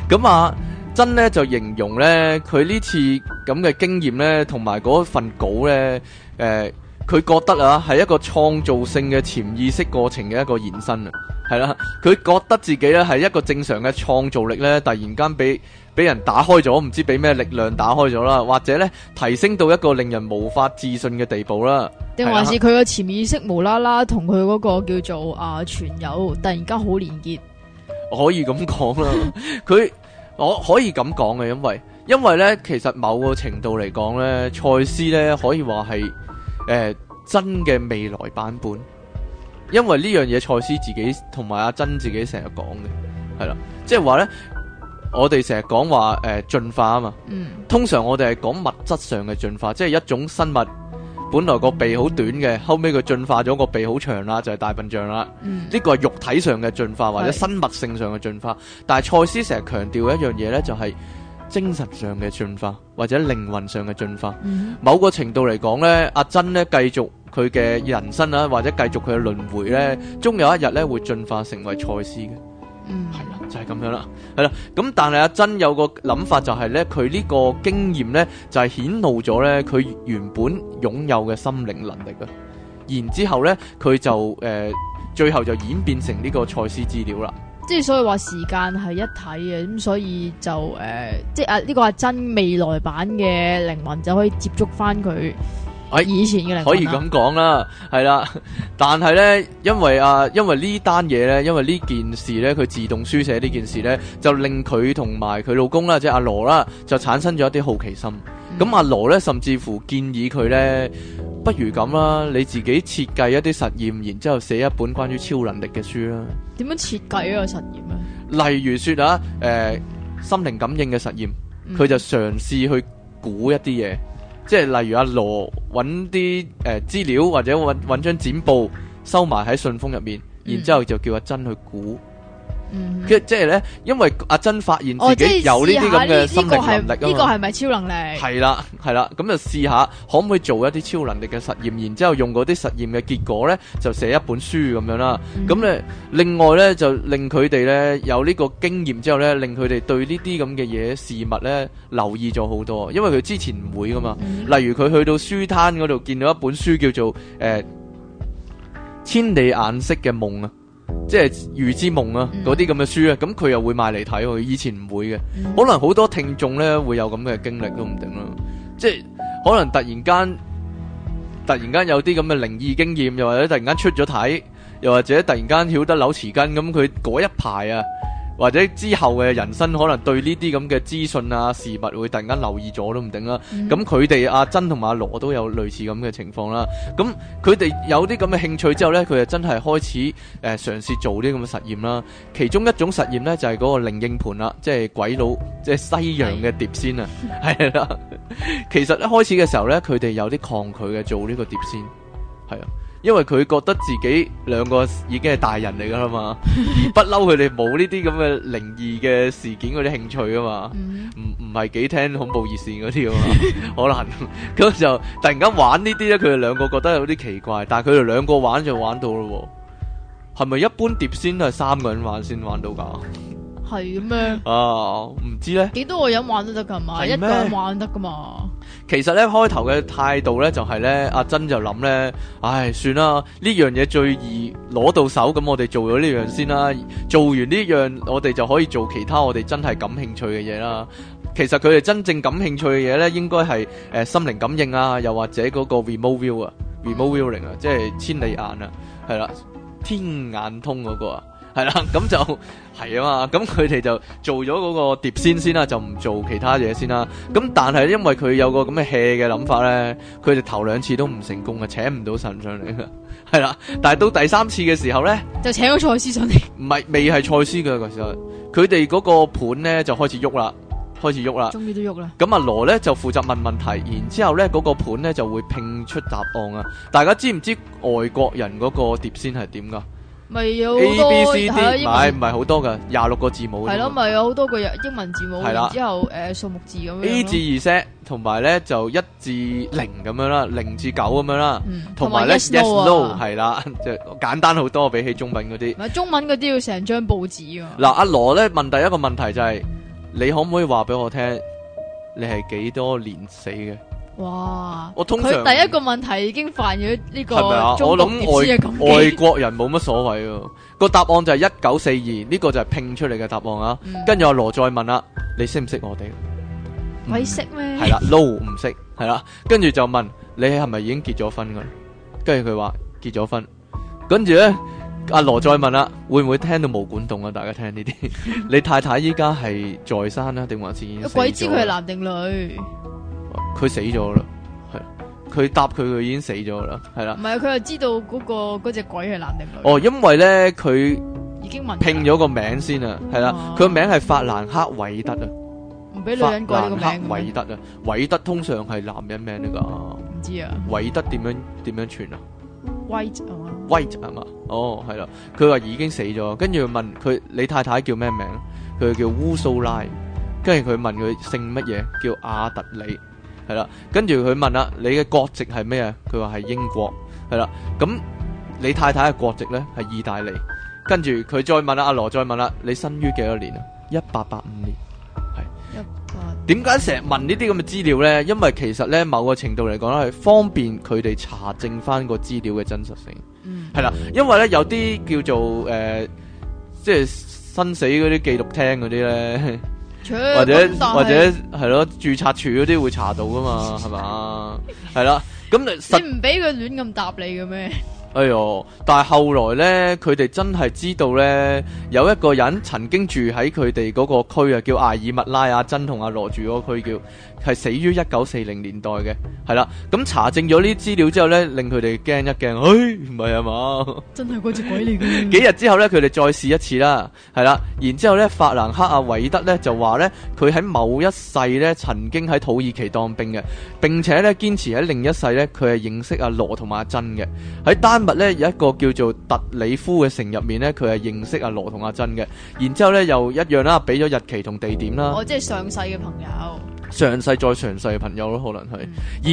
咁 *laughs* 啊，嗯、真咧就形容咧，佢呢次咁嘅經驗咧，同埋嗰份稿咧。誒、欸，佢覺得啊，係一個創造性嘅潛意識過程嘅一個延伸是啊，係啦，佢覺得自己咧係一個正常嘅創造力咧，突然間俾俾人打開咗，唔知俾咩力量打開咗啦，或者咧提升到一個令人無法置信嘅地步啦，定、啊、還是佢個潛意識無啦啦同佢嗰個叫做啊傳友突然間好連結，可以咁講啦，佢 *laughs* 我可以咁講嘅，因為。因為咧，其實某個程度嚟講咧，賽斯咧可以話係誒真嘅未來版本。因為呢樣嘢，賽斯自己同埋阿珍自己成日講嘅，係啦，即係話咧，我哋成日講話誒進化啊嘛。嗯。通常我哋係講物質上嘅進化，即係一種生物本來個鼻好短嘅，後尾佢進化咗個鼻好長啦，就係、是、大笨象啦。呢、嗯這個係肉體上嘅進化，或者生物性上嘅進化。但係賽斯成日強調一樣嘢咧，就係、是。精神上嘅進化或者靈魂上嘅進化，mm-hmm. 某個程度嚟講呢阿珍呢繼續佢嘅人生啦，或者繼續佢嘅輪回呢終有一日呢會進化成為賽斯。嘅。嗯，係啦，就係、是、咁樣啦，係啦。咁但係阿珍有個諗法就係呢佢呢個經驗呢，就係顯露咗呢佢原本擁有嘅心靈能力啦。然之後咧佢就誒，最後就演變成呢個賽斯資料啦。即係所以話時間係一體嘅，咁所以就誒、呃，即係啊呢、這個係真未來版嘅靈魂就可以接觸翻佢喺以前嘅靈魂、哎、可以咁講啦，係 *laughs* 啦。但係呢，因為啊，因為呢單嘢呢，因為呢件事呢，佢自動書寫呢件事呢，嗯、就令佢同埋佢老公啦，即係阿羅啦，就產生咗一啲好奇心。咁、嗯、阿羅呢，甚至乎建議佢呢，不如咁啦，你自己設計一啲實驗，然之後寫一本關於超能力嘅書啦。嗯點樣設計一個實驗啊？例如說啊，誒、呃，心靈感應嘅實驗，佢、嗯、就嘗試去估一啲嘢，即係例如阿羅揾啲誒資料或者揾揾張剪報收埋喺信封入面，然之後就叫阿珍去估。嗯佢即係咧，因為阿珍發現自己有呢啲咁嘅心靈能力啊嘛，呢個係咪超能力？係啦，係啦，咁就試下可唔可以做一啲超能力嘅實驗，然之後用嗰啲實驗嘅結果咧，就寫一本書咁樣啦。咁咧，另外咧就令佢哋咧有呢個經驗之後咧，令佢哋對呢啲咁嘅嘢事物咧留意咗好多，因為佢之前唔會噶嘛。例如佢去到書攤嗰度見到一本書叫做《誒千里眼色嘅夢》啊。即係《預知夢》啊，嗰啲咁嘅書啊，咁佢又會買嚟睇。佢以前唔會嘅，可能好多聽眾咧會有咁嘅經歷都唔定啦。即係可能突然間，突然間有啲咁嘅靈異經驗，又或者突然間出咗體，又或者突然間曉得扭匙羹，咁佢嗰一排啊～或者之後嘅人生可能對呢啲咁嘅資訊啊，事物會突然間留意咗都唔定啦、mm-hmm.。咁佢哋阿珍同埋阿羅都有類似咁嘅情況啦。咁佢哋有啲咁嘅興趣之後呢，佢就真係開始誒、呃、嘗試做啲咁嘅實驗啦。其中一種實驗呢，就係、是、嗰個靈應盤啦，即係鬼佬，即係西洋嘅碟仙啊，係、mm-hmm. 啦。 *laughs* 其實一開始嘅時候呢，佢哋有啲抗拒嘅做呢個碟仙，係啊。因為佢覺得自己兩個已經係大人嚟噶啦嘛，而不嬲佢哋冇呢啲咁嘅靈異嘅事件嗰啲興趣啊嘛，唔唔係幾聽恐怖熱線嗰啲啊嘛， *laughs* 可能咁 *laughs* 就突然間玩呢啲咧，佢哋兩個覺得有啲奇怪，但係佢哋兩個玩就玩到咯喎、啊，係咪一般碟仙都係三個人玩先玩到噶？ *laughs* 係咩？啊，唔知咧。幾多個人玩都得噶嘛，一個人玩得噶嘛。其實咧開頭嘅態度咧就係、是、咧、嗯，阿珍就諗咧，唉，算啦，呢樣嘢最易攞到手，咁我哋做咗呢樣先啦。嗯、做完呢、這、樣、個，我哋就可以做其他我哋真係感興趣嘅嘢啦、嗯。其實佢哋真正感興趣嘅嘢咧，應該係誒心靈感應啊，又或者嗰個 remote view 啊、嗯、remote viewing 啊，即、就、係、是、千里眼啊，係、嗯、啦，天眼通嗰個啊。係啦、啊，咁就係啊嘛，咁佢哋就做咗嗰個碟仙先啦、嗯，就唔做其他嘢先啦。咁、嗯、但係因為佢有個咁嘅戲嘅諗法咧，佢、嗯、哋頭兩次都唔成功㗎，請唔到神上嚟㗎。係啦、啊，但係到第三次嘅時候咧，就請咗賽斯上嚟。唔係，未係賽斯嘅時候，佢哋嗰個盤咧就開始喐啦，開始喐啦。終於都喐啦。咁阿羅咧就負責問問題，然之後咧嗰、那個盤咧就會拼出答案啊。大家知唔知外國人嗰個碟仙係點噶？咪有好多，係唔係唔係好多噶？廿六個字母。係咯，咪有好多個英英文字母。係啦，之後誒，數目字咁樣。A 至 Z，同埋咧就一至零咁樣啦，零至九咁樣啦，同埋咧 Yes No 係啦，即係簡單好多，比起中文嗰啲。咪中文嗰啲要成張報紙噶。嗱，阿羅咧問第一個問題就係，你可唔可以話俾我聽，你係幾多年死嘅？哇！佢第一個問題已經犯咗呢、這個係咪啊、中等知識嘅禁忌，我諗外國人冇乜所謂咯， *laughs* 個答案就係一九四二，呢個就係拼出嚟嘅答案啊。跟住阿羅再問啦、啊，你識唔識我哋？鬼識咩？係、嗯、啦，no 唔 *laughs* 識，係啦。跟住就問你係咪已經結咗婚噶？跟住佢話結咗婚。跟住咧，阿羅再問啦、啊嗯，會唔會聽到毛管動啊？大家聽呢啲， *laughs* 你太太依家係在生啊，定還是鬼知佢係男定女？佢死咗啦，係佢答佢，佢已經死咗啦，係啦。唔係佢又知道嗰、嗰個隻鬼係男定女？哦，因為咧佢已經問拼咗個名先啊，係啦，佢、啊、個名係法蘭克韋德啊，唔俾女人改個名。法蘭克韋德啊，韋德通常係男人名嚟噶，唔知啊。韋德點樣點樣傳啊？White 係嘛？White 係嘛？哦、oh,，係啦，佢話已經死咗，跟住問佢你太太叫咩名？佢叫烏蘇拉，跟住佢問佢姓乜嘢？叫亞特里。係啦，跟住佢問啦，你嘅國籍係咩啊？佢話係英國，係啦。咁你太太嘅國籍呢？係意大利。跟住佢再問啦，阿羅再問啦，你生於幾多年啊？一八八五年，係。一八點解成日問呢啲咁嘅資料呢？因為其實呢，某個程度嚟講咧，係方便佢哋查證翻個資料嘅真實性。嗯，係啦，因為呢，有啲叫做誒，即係生死嗰啲記錄廳嗰啲呢。或者或者係咯，註冊處嗰啲會查到噶嘛，係 *laughs* 嘛，係啦。咁你唔俾佢亂咁答你嘅咩？ *laughs* 哎呦！但係後來咧，佢哋真係知道咧，有一個人曾經住喺佢哋嗰個區啊，叫艾爾阿爾密拉亞珍同阿羅住嗰個區叫。係死於一九四零年代嘅，係啦。咁查證咗呢資料之後呢，令佢哋驚一驚，誒、哎，唔係啊嘛，真係嗰隻鬼嚟嘅。 *laughs* 幾日之後呢，佢哋再試一次啦，係啦。然之後呢法蘭克阿韋德呢就話呢，佢喺某一世呢曾經喺土耳其當兵嘅，並且呢堅持喺另一世呢。佢係認識阿羅同埋阿珍嘅。喺丹麥呢，有一個叫做特里夫嘅城入面呢，佢係認識阿羅同阿珍嘅。然之後呢又一樣啦，俾咗日期同地點啦。我即係上世嘅朋友。詳細再詳細嘅朋友咯，可能係，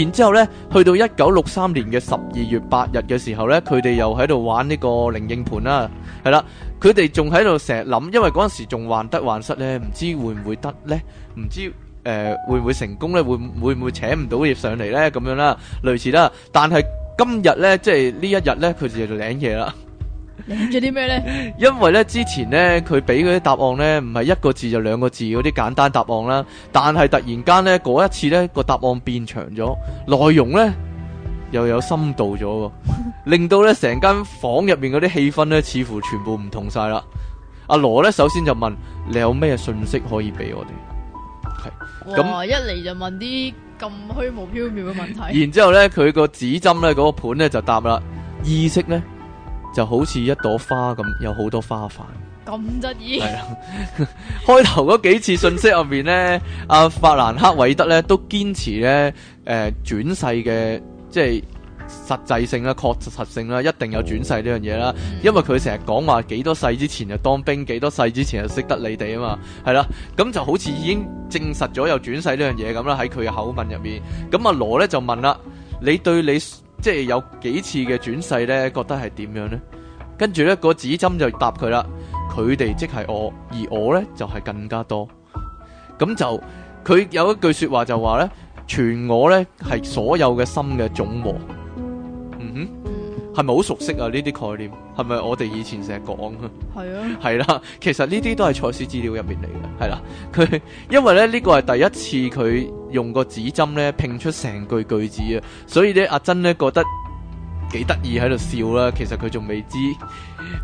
然之後咧，去到一九六三年嘅十二月八日嘅時候咧，佢哋又喺度玩呢個靈應盤啦，係啦，佢哋仲喺度成日諗，因為嗰陣時仲患得患失咧，唔知會唔會得咧，唔知誒會唔會成功咧，會唔會唔會請唔到業上嚟咧，咁樣啦，類似啦，但係今日咧，即係呢一日咧，佢哋就領嘢啦。諗住啲咩呢？ *laughs* 因為咧之前咧佢俾嗰啲答案咧唔係一個字就兩個字嗰啲簡單答案啦，但係突然間咧嗰一次咧個答案變長咗，內容咧又有深度咗， *laughs* 令到咧成間房入面嗰啲氣氛咧似乎全部唔同晒啦。阿羅咧首先就問，你有咩信息可以俾我哋？係哇，一嚟就問啲咁虛無縹緲嘅問題。 *laughs* 然之後咧佢個指針咧嗰個盤咧就答啦，意識咧。就好似一朵花咁，有好多花瓣。咁得意。係啊，開頭嗰幾次信息入邊、 *laughs* 啊、呢，阿法蘭克韋德呢都堅持呢，誒、呃、轉世嘅即係實際性啦、確實性啦，一定有轉世呢樣嘢啦。因為佢成日講話幾多世之前就當兵，幾多世之前就識得你哋啊嘛，係啦。咁就好似已經證實咗有轉世呢樣嘢咁啦，喺佢嘅口吻入邊。咁阿羅呢就問啦，你對你？即係有幾次嘅轉世呢？覺得係點樣呢？跟住呢個指針就答佢啦。佢哋即係我，而我呢就係、是、更加多。咁就佢有一句說話就話呢，全我呢係所有嘅心嘅總和。嗯哼，係咪好熟悉啊？呢啲概念係咪我哋以前成日講啊？係啊，係啦，其實呢啲都係賽斯資料入邊嚟嘅，係啦。佢因為咧呢、這個係第一次佢。用個指針咧拼出成句句子啊，所以咧阿珍咧覺得幾得意喺度笑啦。其實佢仲未知，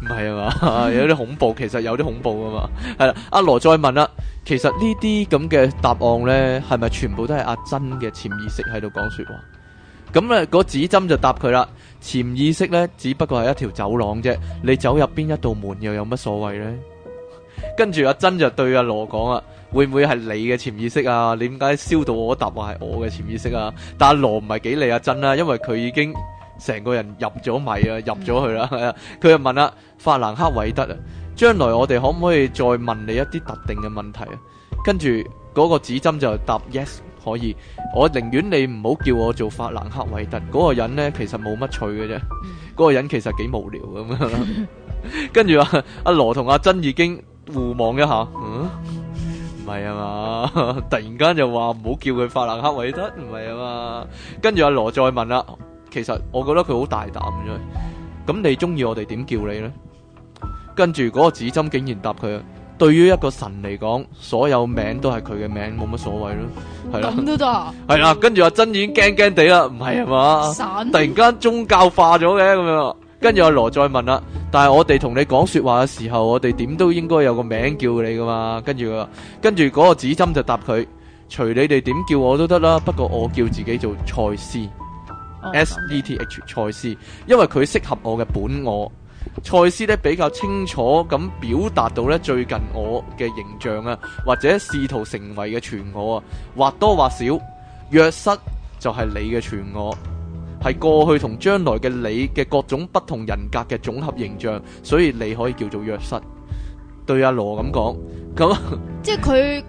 唔係啊嘛， *laughs* 有啲恐怖，其實有啲恐怖啊嘛。係啦，阿羅再問啦，其實呢啲咁嘅答案咧，係咪全部都係阿珍嘅潛意識喺度講說話？咁呢個指針就答佢啦，潛意識咧只不過係一條走廊啫，你走入邊一道門又有乜所謂咧？跟住阿珍就對阿羅講啦。會唔會係你嘅潛意識啊？你點解燒到我答案係我嘅潛意識啊？但阿羅唔係幾理阿、啊、珍啦、啊，因為佢已經成個人入咗迷了入、嗯、 *laughs* 啊，入咗去啦。佢就問啦，法蘭克韋德啊，將來我哋可唔可以再問你一啲特定嘅問題啊？跟住嗰個指針就答 yes 可以。我寧願你唔好叫我做法蘭克韋德嗰、那個人呢，其實冇乜趣嘅啫。嗰、那個人其實幾無聊咁樣。 *laughs* *laughs* 跟住阿阿羅同阿珍已經互望一下。嗯係啊嘛，突然間就話唔好叫佢法蘭克維德，唔係啊嘛。跟住阿羅再問啦，其實我覺得佢好大膽啫。咁你中意我哋點叫你咧？跟住嗰個指針竟然答佢，對於一個神嚟講，所有名都係佢嘅名，冇乜所謂咯。咁都得。係啦， *laughs* 跟住阿珍已經驚驚地啦，唔係啊嘛。突然間宗教化咗嘅咁樣。跟住阿羅再問啦，但係我哋同你講說話嘅時候，我哋點都應該有個名叫你噶嘛？跟住佢，跟住嗰個指針就答佢，隨你哋點叫我都得啦。不過我叫自己做賽斯，哦，S E T H 賽斯，因為佢適合我嘅本我。賽斯咧比較清楚咁表達到咧最近我嘅形象啊，或者試圖成為嘅全我啊，或多或少，約失就係你嘅全我。係過去同將來嘅你嘅各種不同人格嘅總合形象，所以你可以叫做約瑟。對阿羅咁講，咁即係佢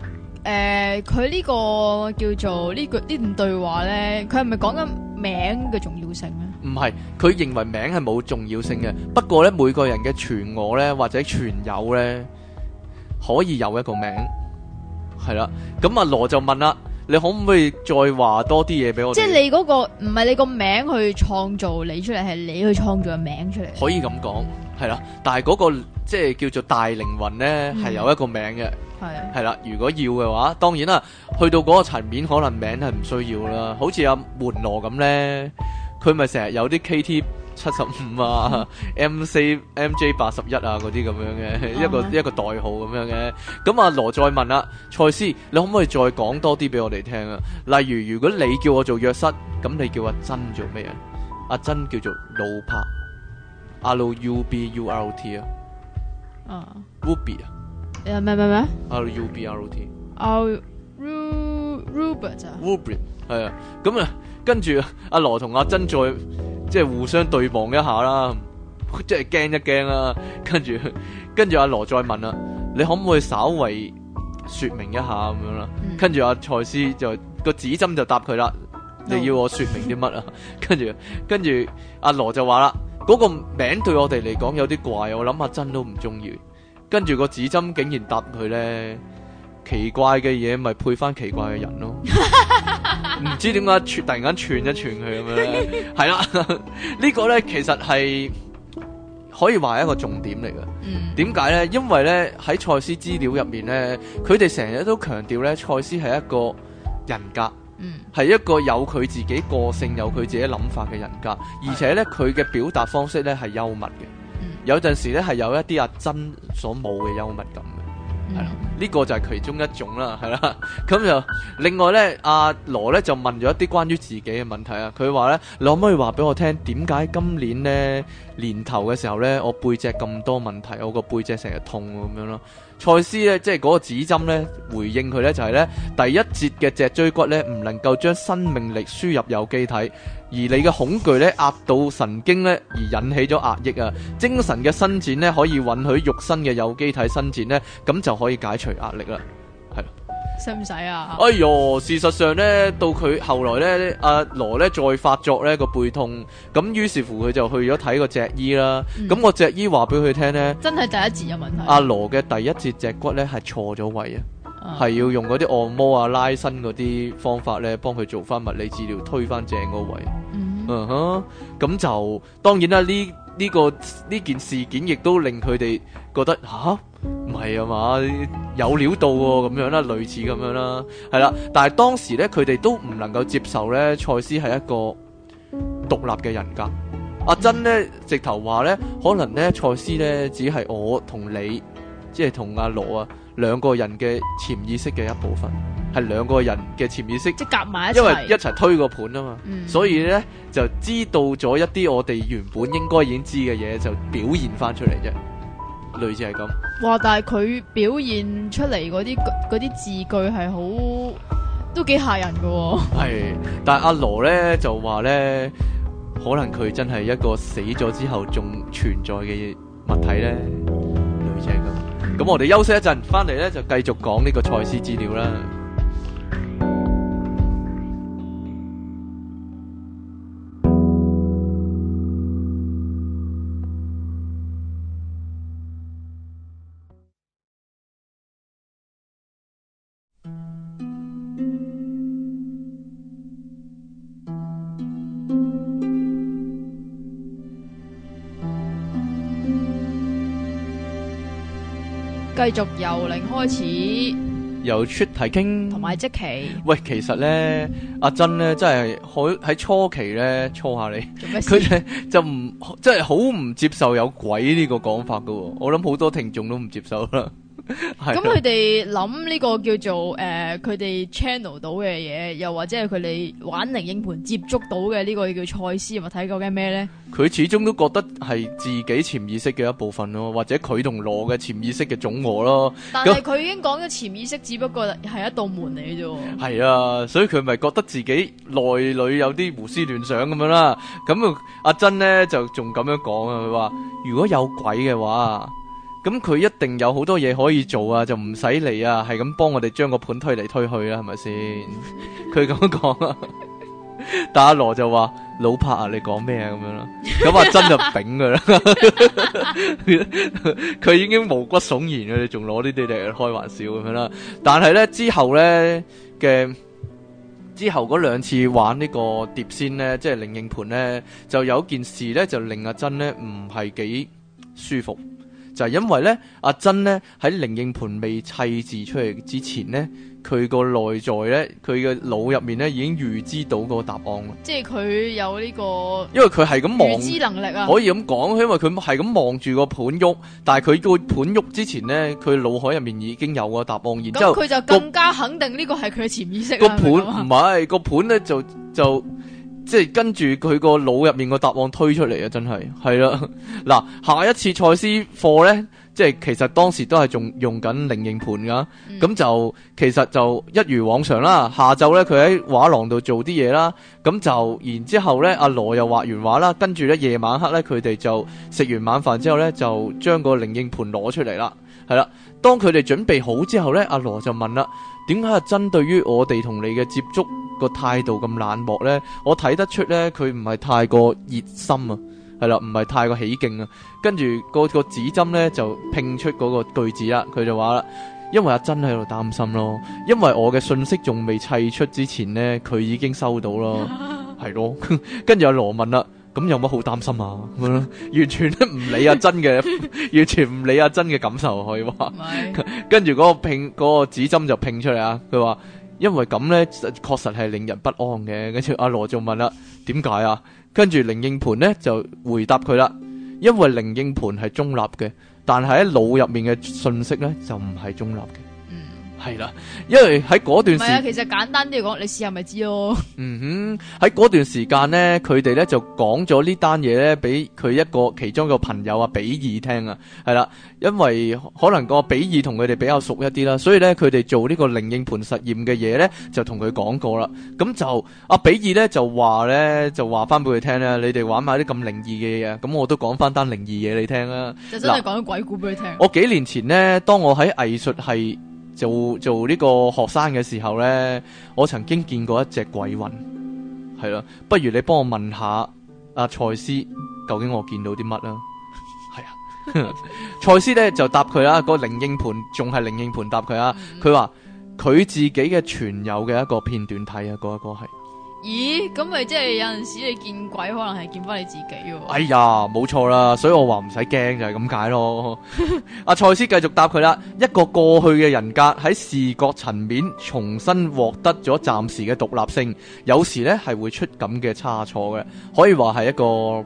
誒，佢呢個叫做呢句呢段對話咧，佢係咪講緊名嘅重要性咧？唔係，佢認為名係冇重要性嘅。不過咧，每個人嘅全我咧或者全有咧，可以有一個名，係啦。咁阿羅就問啦。你可唔可以再話多啲嘢俾我？即係你嗰個唔係你個名去創造你出嚟，係你去創造個名出嚟。可以咁講，係、嗯、啦。但係嗰個即係叫做大靈魂咧，係有一個名嘅。係係啦，如果要嘅話，當然啦，去到嗰個層面，可能名係唔需要啦。好似阿門羅咁咧，佢咪成日有啲 KT。七十五啊 *laughs* ，M 四 MJ 八十一啊，嗰啲咁樣嘅、uh-huh. 一個一個代號咁樣嘅。咁啊羅再問啦， *laughs* 賽斯，你可唔可以再講多啲俾我哋聽啊？例如如果你叫我做約瑟，咁你叫阿珍做咩人？阿珍叫做魯柏，R U B U R O T 啊。啊、uh.，魯比啊。誒，咩咩咩？R U B R O T。R U R U BERT 啊。Rubert 係啊，咁啊，跟住阿羅同阿珍再。即係互相對望一下啦，即係驚一驚啦。跟住跟住阿羅再問啦，你可唔可以稍微說明一下咁樣啦？跟、mm. 住阿賽斯就個指針就答佢啦。你要我說明啲乜啊？跟住跟住阿羅就話啦，嗰、那個名對我哋嚟講有啲怪，我諗阿珍都唔中意。跟住個指針竟然答佢咧。奇怪嘅嘢，咪配翻奇怪嘅人咯。唔 *laughs* 知點解，突然間串一串佢咁樣係啦， *laughs* 對了 *laughs* 個呢個咧其實係可以話係一個重點嚟嘅。點解咧？因為咧喺賽斯資料入面咧，佢哋成日都強調咧，賽斯係一個人格，係、嗯、一個有佢自己個性、有佢自己諗法嘅人格。而且咧，佢嘅表達方式咧係幽默嘅、嗯，有陣時咧係有一啲阿珍所冇嘅幽默感。係啦，呢、 *noise* 這個就係其中一種啦，係啦。咁又另外呢，阿、啊、羅呢就問咗一啲關於自己嘅問題啊。佢話呢，你可唔可以話俾我聽，點解今年呢年頭嘅時候呢，我背脊咁多問題，我個背脊成日痛咁樣咯？賽斯咧，即係嗰個指針咧，回應佢咧就係咧，第一節嘅脊椎骨咧，唔能夠將生命力輸入有機體，而你嘅恐懼咧壓到神經咧，而引起咗壓抑啊！精神嘅伸展咧，可以允許肉身嘅有機體伸展咧，咁就可以解除壓力啦。使唔使啊？哎喲，事實上咧，到佢後來咧，阿羅咧再發作咧個背痛，咁於是乎佢就去咗睇個脊醫啦。咁、嗯、我脊醫話俾佢聽咧，真係第一節有問題。阿羅嘅第一節脊骨咧係錯咗位啊，係、嗯、要用嗰啲按摩啊、拉伸嗰啲方法咧，幫佢做翻物理治療，推翻正個位。嗯哼，咁、uh-huh, 就當然啦，呢呢、呢個呢件事件亦都令佢哋覺得吓。啊唔係啊嘛，有料到喎咁樣啦，類似咁樣啦，係啦。但係當時咧，佢哋都唔能夠接受咧，賽斯係一個獨立嘅人格。嗯、阿珍咧直頭話咧，可能咧賽斯咧只係我同你，即係同阿羅啊兩個人嘅潛意識嘅一部分，係兩個人嘅潛意識，即係夾埋一齊，因為一齊推個盤啊嘛、嗯，所以咧就知道咗一啲我哋原本應該已經知嘅嘢，就表現翻出嚟啫。類似係咁，哇！但係佢表現出嚟嗰啲啲字句係好都幾嚇人噶喎。係，但係阿羅咧就話咧，可能佢真係一個死咗之後仲存在嘅物體咧。類似係咁，咁我哋休息一陣，翻嚟咧就繼續講呢個賽斯資料啦。繼續由零開始，由出題傾同埋即期。喂，其實咧、嗯，阿珍咧，真係好喺初期咧，初下你。做咩？佢呢，就唔，即係好唔接受有鬼呢個講法噶。我諗好多聽眾都唔接受啦。咁佢哋諗呢個叫做誒，佢、呃、哋 channel 到嘅嘢，又或者係佢哋玩靈應盤接觸到嘅呢個叫賽斯，或睇過嘅咩咧？佢始終都覺得係自己潛意識嘅一部分咯，或者佢同羅嘅潛意識嘅總和咯。但係佢已經講咗潛意識，只不過係一道門嚟啫。係 *laughs* 啊，所以佢咪覺得自己內裏有啲胡思亂想咁樣啦。咁阿珍咧就仲咁樣講啊，佢話如果有鬼嘅話。咁佢一定有好多嘢可以做啊，就唔使嚟啊，係咁幫我哋將個盤推嚟推去啦，係咪先？佢咁講啊，打阿羅就話老柏啊， *laughs* 你講咩啊咁樣啦？咁阿珍就頂㗎啦，佢已經毛骨悚然啦，你仲攞呢啲嚟開玩笑咁樣啦，啊？但係咧之後咧嘅之後嗰兩次玩呢個碟仙咧，即係靈應盤咧，就有件事咧就令阿珍咧唔係幾舒服。就係、是、因為咧，阿珍咧喺靈應盤未砌字出嚟之前咧，佢個內在咧，佢嘅腦入面咧已經預知到個答案。即係佢有呢、這個，因為佢係咁預知能力啊，可以咁講，因為佢係咁望住個盤喐，但係佢個盤喐之前咧，佢腦海入面已經有個答案，然之後佢就更加肯定呢個係佢嘅潛意識個盤，唔係個盤咧就就。就即係跟住佢個腦入面個答案推出嚟啊！真係係啦，嗱，下一次賽斯課呢，即係其實當時都係仲用緊靈應盤噶，咁、嗯、就其實就一如往常啦。下晝呢，佢喺畫廊度做啲嘢啦，咁就然之後呢，阿羅又畫完畫啦，跟住呢，夜晚黑呢，佢哋就食完晚飯之後呢，嗯、就將個靈應盤攞出嚟啦，係啦。當佢哋準備好之後呢，阿羅就問啦：點解阿珍對於我哋同你嘅接觸個態度咁冷漠呢？我睇得出呢，佢唔係太過熱心啊，係啦，唔係太過起勁啊。跟住個個指針呢，就拼出嗰個句子啦。佢就話啦：因為阿珍喺度擔心咯，因為我嘅信息仲未砌出之前呢，佢已經收到咯，係咯。跟 *laughs* 住阿羅問啦。咁有乜好擔心啊？咁 *laughs* 樣 *laughs* 完全唔理阿珍嘅， *laughs* *laughs* 完全唔理阿珍嘅感受可以話。 *laughs* *laughs* 跟住嗰個拼嗰、那個指針就拼出嚟啊！佢話因為咁呢，確實係令人不安嘅。跟住阿羅仲問啦、啊：點解啊？跟住靈應盤呢就回答佢啦：因為靈應盤係中立嘅，但係喺腦入面嘅信息呢就唔係中立嘅。係啦，因為喺嗰段時，其實簡單啲嚟講，你試下咪知咯。嗯哼，喺嗰段時間咧，佢哋咧就講咗呢單嘢咧俾佢一個其中個朋友啊比爾聽啊，係啦，因為可能個比爾同佢哋比較熟一啲啦，所以咧佢哋做呢個靈應盤實驗嘅嘢咧就同佢講過啦。咁就阿比爾咧就話咧就話翻俾佢聽咧，你哋玩埋啲咁靈異嘅嘢，咁我都講翻單靈異嘢你聽啦。就真係講鬼故俾佢聽。我幾年前咧，當我喺藝術系。做做呢個學生嘅時候呢，我曾經見過一隻鬼魂，係啦，不如你幫我問下阿、啊、賽斯究竟我見到啲乜啦？係 *laughs* 啊是的， *laughs* 賽斯呢就答佢啦，個靈應盤仲係靈應盤答佢啊，佢話佢自己嘅存有嘅一個片段睇啊，嗰一個係。咦，咁咪即係有陣時你見鬼，可能係見翻你自己喎、啊。哎呀，冇錯啦，所以我話唔使驚就係咁解咯。阿 *laughs* 賽、啊、斯繼續答佢啦，一個過去嘅人格喺視覺層面重新獲得咗暫時嘅獨立性，有時呢係會出咁嘅差錯嘅，可以話係一個。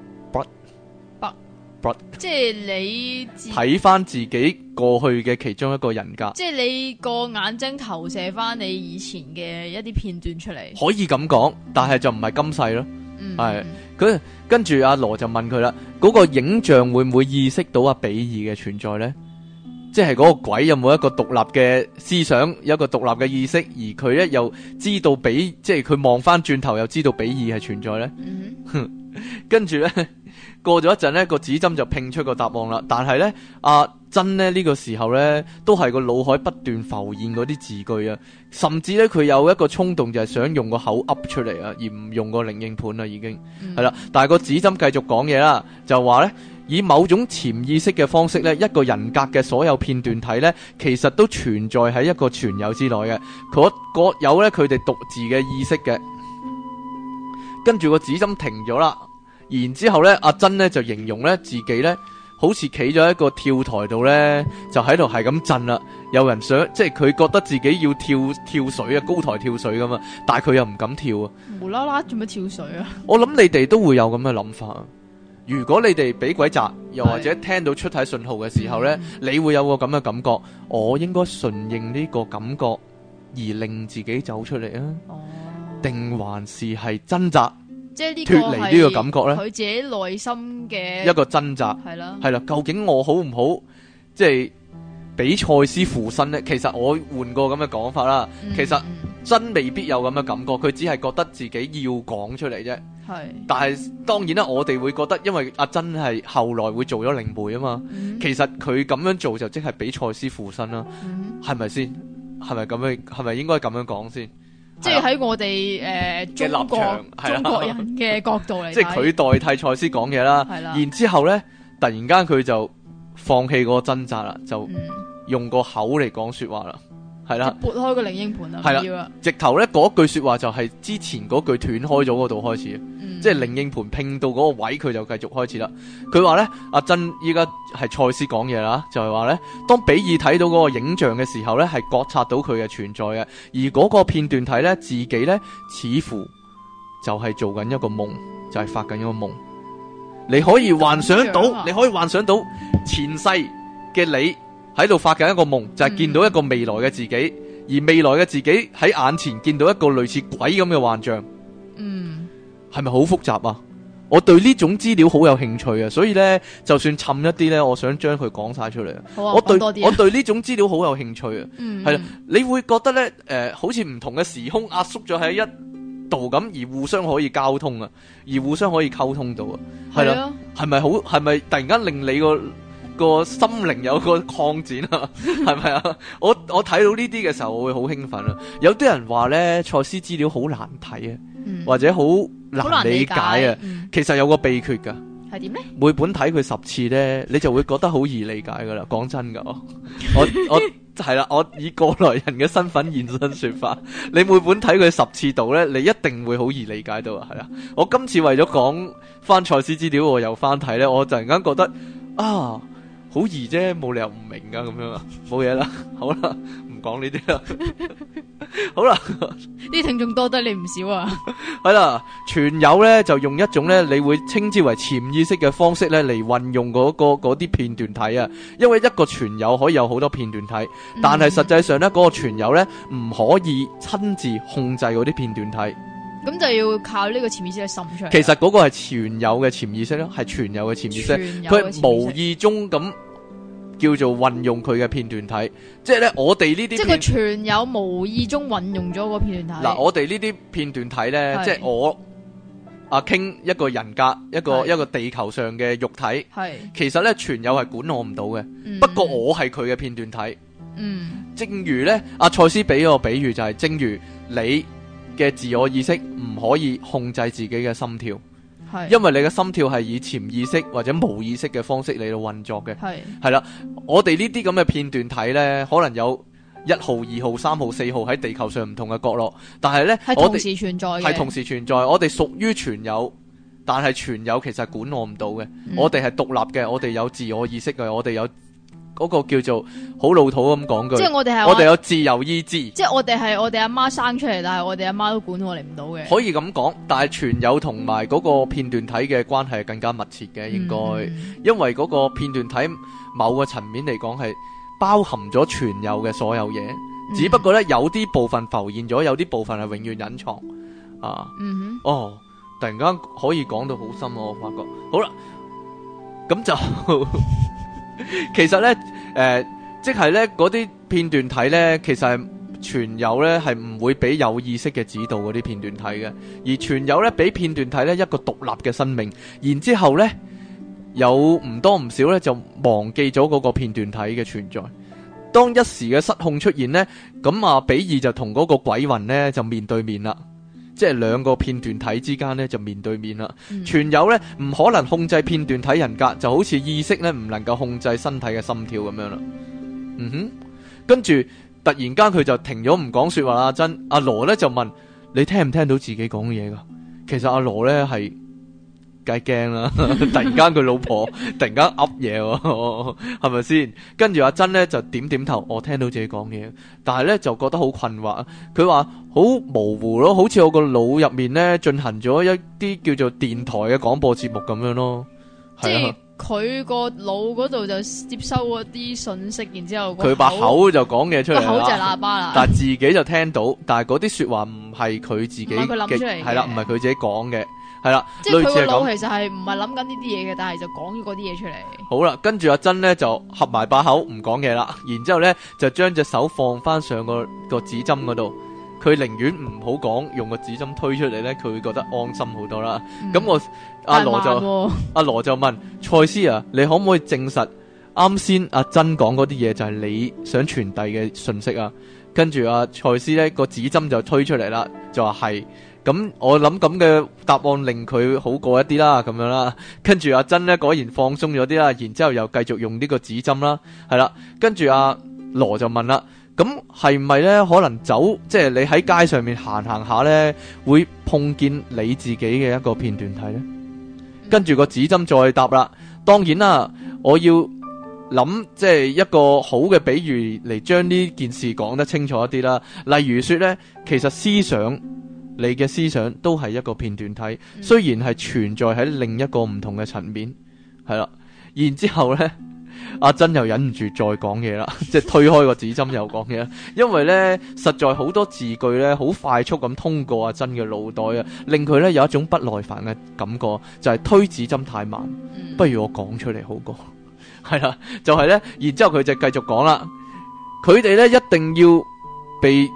But, 即係你睇翻自己過去嘅其中一個人格，即係你個眼睛投射翻你以前嘅一啲片段出嚟，可以咁講，但係就唔係今世咯。係跟住阿羅就問佢啦，嗰個影像會唔會意識到阿比爾嘅存在呢？即係嗰個鬼有冇一個獨立嘅思想，有一個獨立嘅意識，而佢咧又知道比即係佢望翻轉頭又知道比爾係存在呢。跟住咧。過咗一陣，呢個指針就拼出個答案啦。但係呢，阿、啊、真呢，呢、這個時候呢，都係個腦海不斷浮現嗰啲字句啊，甚至呢，佢有一個衝動就係想用個口噏出嚟啊，而唔用個靈應盤啦，已經係啦、嗯。但係個指針繼續講嘢啦，就話呢：「以某種潛意識嘅方式呢，一個人格嘅所有片段體呢，其實都存在喺一個存有之內嘅，各有呢，佢哋獨自嘅意識嘅。跟住個指針停咗啦。然之後咧，阿珍咧就形容咧自己咧，好似企咗一個跳台度咧，就喺度係咁震啦。有人想，即係佢覺得自己要跳跳水啊，高台跳水咁啊，但係佢又唔敢跳啊。無啦啦做咩跳水啊？我諗你哋都會有咁嘅諗法。如果你哋俾鬼閘， *laughs* 又或者聽到出體信號嘅時候咧、嗯，你會有個咁嘅感覺，我應該順應呢個感覺而令自己走出嚟啊？定、哦、還是係掙扎？即脫離呢個感覺咧，佢自己內心嘅一個掙扎係啦，係啦。究竟我好唔好即係俾賽斯附身咧？其實我換個咁嘅講法啦、嗯，其實真未必有咁嘅感覺。佢只係覺得自己要講出嚟啫。係，但係當然啦，我哋會覺得，因為阿珍係後來會做咗靈媒啊嘛、嗯。其實佢咁樣做就即係俾賽斯附身啦，係咪先？係咪咁樣？係咪應該咁樣講先？即係喺我哋誒、呃、中國立場中國人嘅角度嚟，即係佢代替賽斯講嘢啦。係啦，然之後咧，突然間佢就放棄個掙扎啦，就用個口嚟講說話啦。係啦，撥開個靈應盤啦，係啦，直頭咧，嗰句說話就係之前嗰句斷開咗嗰度開始，嗯，即係靈應盤拼到嗰個位，佢就繼續開始啦。佢、啊、話咧，阿珍依家係賽斯講嘢啦，就係話咧，當比爾睇到嗰個影像嘅時候咧，係覺察到佢嘅存在嘅，而嗰個片段睇咧自己咧，似乎就係做緊一個夢，就係發緊一個夢，你可以幻想到、嗯，你可以幻想到前世嘅你。喺度發緊一個夢，就係、是、見到一個未來嘅自己、嗯，而未來嘅自己喺眼前見到一個類似鬼咁嘅幻象。嗯，係咪好複雜啊？我對呢種資料好有興趣啊，所以呢，就算沉一啲呢，我想將佢講晒出嚟。好啊，我對我對呢種資料好有興趣啊。嗯，嗯，係啦，你會覺得呢，誒、呃，好似唔同嘅時空壓縮咗喺一度咁，而互相可以溝通啊，而互相可以溝通到啊。係咯，係咪好？係咪突然間令你個？心靈有個心靈有個擴展啊，係 *laughs* 咪啊？我我睇到呢啲嘅時候，我會好興奮啊！有啲人話呢，賽斯資料好難睇啊、嗯，或者好難理解啊、嗯。其實有個秘訣噶，係點咧？每本睇佢十次呢，你就會覺得好易理解噶啦。講、嗯、真噶我 *laughs* 我係啦，我以過來人嘅身份現身說法。 *laughs* 你每本睇佢十次度呢，你一定會好易理解到啊！係啊，我今次為咗講翻賽斯資料，我又翻睇呢，我就突然間覺得啊～好易啫，冇理由唔明噶咁樣啊，冇嘢啦，好啦，唔講呢啲啦， *laughs* 好啦，啲聽眾多得你唔少啊，係 *laughs* 啦，存有呢，就用一種呢，你會稱之為潛意識嘅方式呢嚟運用嗰、那個嗰啲片段體啊，因為一個存有可以有好多片段體，嗯、但係實際上呢，嗰、那個存有呢，唔可以親自控制嗰啲片段體。咁就要靠呢個潛意識滲出。其實嗰個係存有嘅潛意識咯，係存有嘅潛意識，佢無意中咁叫做運用佢嘅片段體。即係咧，我哋呢啲即係佢存有無意中運用咗個片段體。嗱，我哋呢啲片段體咧，即係、就是、我阿傾、啊、一個人格，一個一個地球上嘅肉體。係，其實咧存有係管我唔到嘅，不過我係佢嘅片段體。嗯，正如咧阿賽斯畀個比喻就係、是，正如你。嘅自我意識唔可以控制自己嘅心跳，係，因為你嘅心跳係以潛意識或者無意識嘅方式嚟到運作嘅，係，啦，我哋呢啲咁嘅片段睇呢，可能有一號、二號、三號、四號喺地球上唔同嘅角落，但係呢，係同時存在，係同時存在，我哋屬於全有，但係全有其實管我唔到嘅，我哋係獨立嘅，我哋有自我意識嘅，我哋有。嗰、那個叫做好老土咁講句，即係我哋係我哋有自由意志，即係我哋係我哋阿媽，媽生出嚟，但係我哋阿媽都管我哋唔到嘅。可以咁講，但係全有同埋嗰個片段體嘅關係係更加密切嘅，應、嗯、該，因為嗰個片段體某個層面嚟講係包含咗全有嘅所有嘢、嗯，只不過咧有啲部分浮現咗，有啲部分係永遠隱藏啊。嗯哼，哦，突然間可以講到好深喎，我發覺。好啦，咁就。 *laughs* *laughs* 其實呢，誒、呃，即係呢嗰啲片段體呢，其實係存有呢係唔會俾有意識嘅指導嗰啲片段體嘅，而存有呢，俾片段體呢一個獨立嘅生命，然之後呢有唔多唔少呢就忘記咗嗰個片段體嘅存在，當一時嘅失控出現呢，咁啊比爾就同嗰個鬼魂呢就面對面啦。即係兩個片段體之間咧就面對面啦，嗯，全有呢，唔可能控制片段體人格，就好似意識呢，唔能夠控制身體嘅心跳咁樣啦。嗯哼，跟住突然間佢就停咗唔講說話啦，阿珍阿羅呢，就問你聽唔聽到自己講嘢㗎？其實阿羅呢係。是梗驚啦！突然間佢老婆 *laughs* 突然間噏嘢，係咪先？跟住阿珍咧就點點頭，我聽到自己講嘢，但係咧就覺得好困惑。佢話好模糊咯，好似我個腦入面咧進行咗一啲叫做電台嘅廣播節目咁樣咯，係啊。即係佢個腦嗰度就接收嗰啲信息，然之後佢把口，口就講嘢出嚟啦。個口就係喇叭啦。但係自己就聽到，但係嗰啲說話唔係佢自己嘅，係啦，唔係佢自己講嘅。係啦，即係佢個腦其實係唔係諗緊呢啲嘢嘅，但係就講咗嗰啲嘢出嚟。好啦，跟住阿珍咧就合埋把口唔講嘢啦，然之後咧就將隻手放翻上個個指針嗰度，佢寧願唔好講，用個指針推出嚟咧，佢會覺得安心好多啦。咁、嗯、我阿羅就、哦、阿羅就問 *laughs* 賽斯啊，你可唔可以證實啱先阿珍講嗰啲嘢就係你想傳遞嘅信息啊？跟住阿賽斯咧、那個指針就推出嚟啦，就話係。咁、嗯、我諗咁嘅答案令佢好過一啲啦，咁樣啦，跟住阿珍呢，果然放鬆咗啲啦，然之後又繼續用呢個指針啦，係啦，跟住阿羅就問啦，咁係咪呢？可能走即係你喺街上面行行下呢，會碰見你自己嘅一個片段睇呢？嗯、跟住個指針再答啦，當然啦，我要諗即係一個好嘅比喻嚟將呢件事講得清楚一啲啦，例如說呢，其實思想。你嘅思想都係一個片段體，雖然係存在喺另一個唔同嘅層面，係啦。然之後呢，阿珍又忍唔住再講嘢啦， *laughs* 即係推開個指針又講嘢，因為呢，實在好多字句呢，好快速咁通過阿珍嘅腦袋啊，令佢呢有一種不耐煩嘅感覺，就係、是、推指針太慢，不如我講出嚟好過。係 *laughs* 啦， *laughs* 就係、是、呢。然之後佢就繼續講啦，佢哋呢一定要被。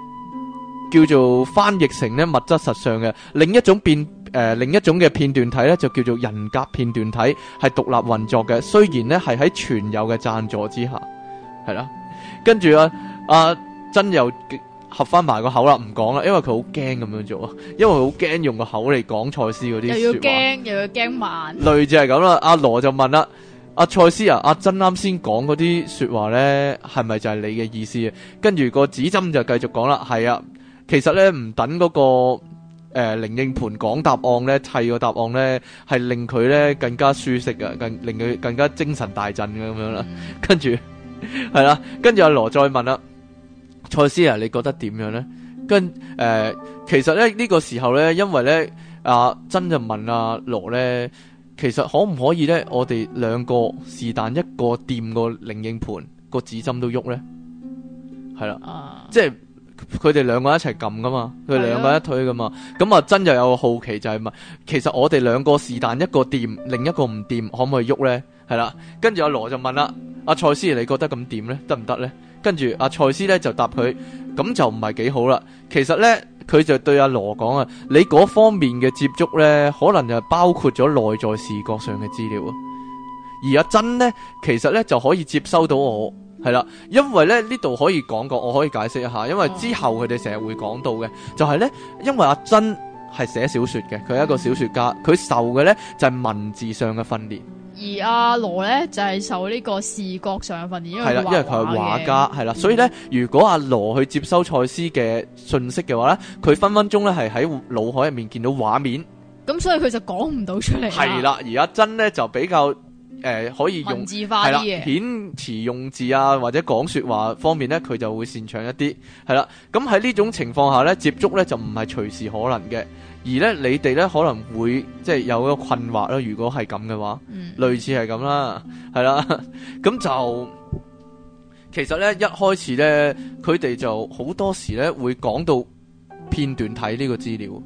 叫做翻譯成咧物質實上嘅另一種變誒、呃，另一種嘅片段體咧就叫做人格片段體，係獨立運作嘅。雖然咧係喺存有嘅贊助之下，係啦。跟住啊，阿、啊、珍又合翻埋個口啦，唔講啦，因為佢好驚咁樣做，因為佢好驚用個口嚟講賽斯嗰啲又要驚又要驚慢，類似係咁啦。阿、啊、羅就問啦，阿、啊、賽斯啊，阿珍啱先講嗰啲說話咧，係咪就係你嘅意思啊？跟住個指針就繼續講啦，係啊。其實咧唔等嗰、那個誒靈、呃、應盤講答案咧，砌個答案咧係令佢咧更加舒適啊，更令佢更加精神大振咁樣啦。跟住係啦，跟住阿羅再問啦，賽斯啊，你覺得點樣咧？跟誒、呃，其實咧呢、這個時候咧，因為咧阿、啊、真就問阿羅咧，其實可唔可以咧，我哋兩個是但一個掂個靈應盤、那個指針都喐咧，係啦、啊，即係。佢哋兩個一齊撳噶嘛，佢兩個一推噶嘛，咁阿珍就有個好奇就係、是、問，其實我哋兩個是但一個掂，另一個唔掂，可唔可以喐呢？係啦，跟住阿羅就問啦，阿、 *music* 啊、賽斯，你覺得咁掂呢？得唔得呢？」跟住阿賽斯呢就答佢，咁 *music* 就唔係幾好啦。其實呢，佢就對阿羅講啊，你嗰方面嘅接觸呢，可能就包括咗內在視覺上嘅資料，而阿珍呢，其實呢就可以接收到我。係啦，因為咧呢度可以講過，我可以解釋一下，因為之後佢哋成日會講到嘅、哦，就係、是、咧，因為阿珍係寫小說嘅，佢係一個小說家，佢、嗯、受嘅咧就係、是、文字上嘅訓練，而阿羅咧就係、是、受呢個視覺上嘅訓練。係啦，因為佢係畫家，係、嗯、啦，所以咧如果阿羅去接收賽斯嘅信息嘅話咧，佢分分鐘咧係喺腦海入面見到畫面，咁、嗯、所以佢就講唔到出嚟。係啦，而阿珍咧就比較誒、呃，可以用字化啲嘢、遣詞用字啊，或者講說話方面咧，佢就會擅長一啲，係啦。咁喺呢種情況下咧，接觸咧就唔係隨時可能嘅，而咧你哋咧可能會即係有一個困惑咯、啊。如果係咁嘅話，嗯、類似係咁啦，係啦。咁就其實咧一開始咧，佢哋就好多時咧會講到片段睇呢個資料。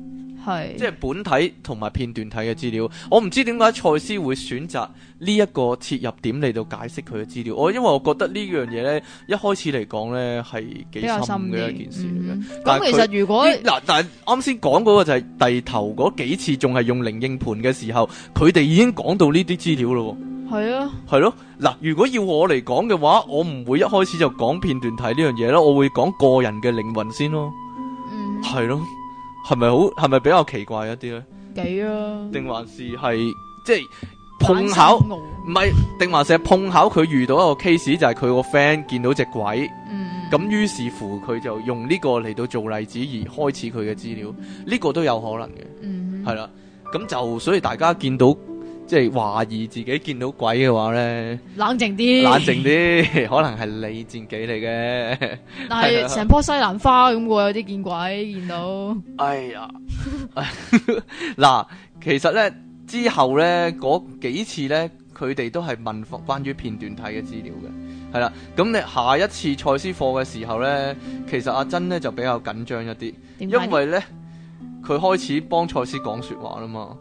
是即係本體同埋片段體嘅資料，嗯、我唔知點解賽斯會選擇呢一個切入點嚟到解釋佢嘅資料。我、嗯、因為我覺得呢樣嘢呢，一開始嚟講呢，係幾深嘅一件事嚟嘅。咁、嗯、其實如果嗱，但係啱先講嗰個就係、是、第頭嗰幾次仲係用靈應盤嘅時候，佢哋已經講到呢啲資料咯。係啊，係咯。嗱，如果要我嚟講嘅話，我唔會一開始就講片段體呢樣嘢啦，我會講個人嘅靈魂先咯，係、嗯、咯。是啊係咪好，係咪比較奇怪一啲咧？定、啊、還是係即係碰巧？唔係，定還是係碰巧佢遇到一個 case，就係佢個 friend 見到隻鬼。嗯嗯。咁於是乎佢就用呢個嚟到做例子而開始佢嘅資料。呢個都有可能嘅。嗯。係啦，咁就所以大家見到。即係懷疑自己見到鬼嘅話咧，冷靜啲，冷靜啲， *laughs* 可能係你戰記嚟嘅。但嗱，成棵西蘭花咁，我 *laughs* 有啲見鬼見到。哎呀，嗱， *laughs* *laughs* 其實咧之後咧嗰幾次咧，佢哋都係問關於片段體嘅資料嘅。係啦，咁你下一次賽斯課嘅時候咧，其實阿珍咧就比較緊張一啲，因為咧佢開始幫賽斯講說話啦嘛。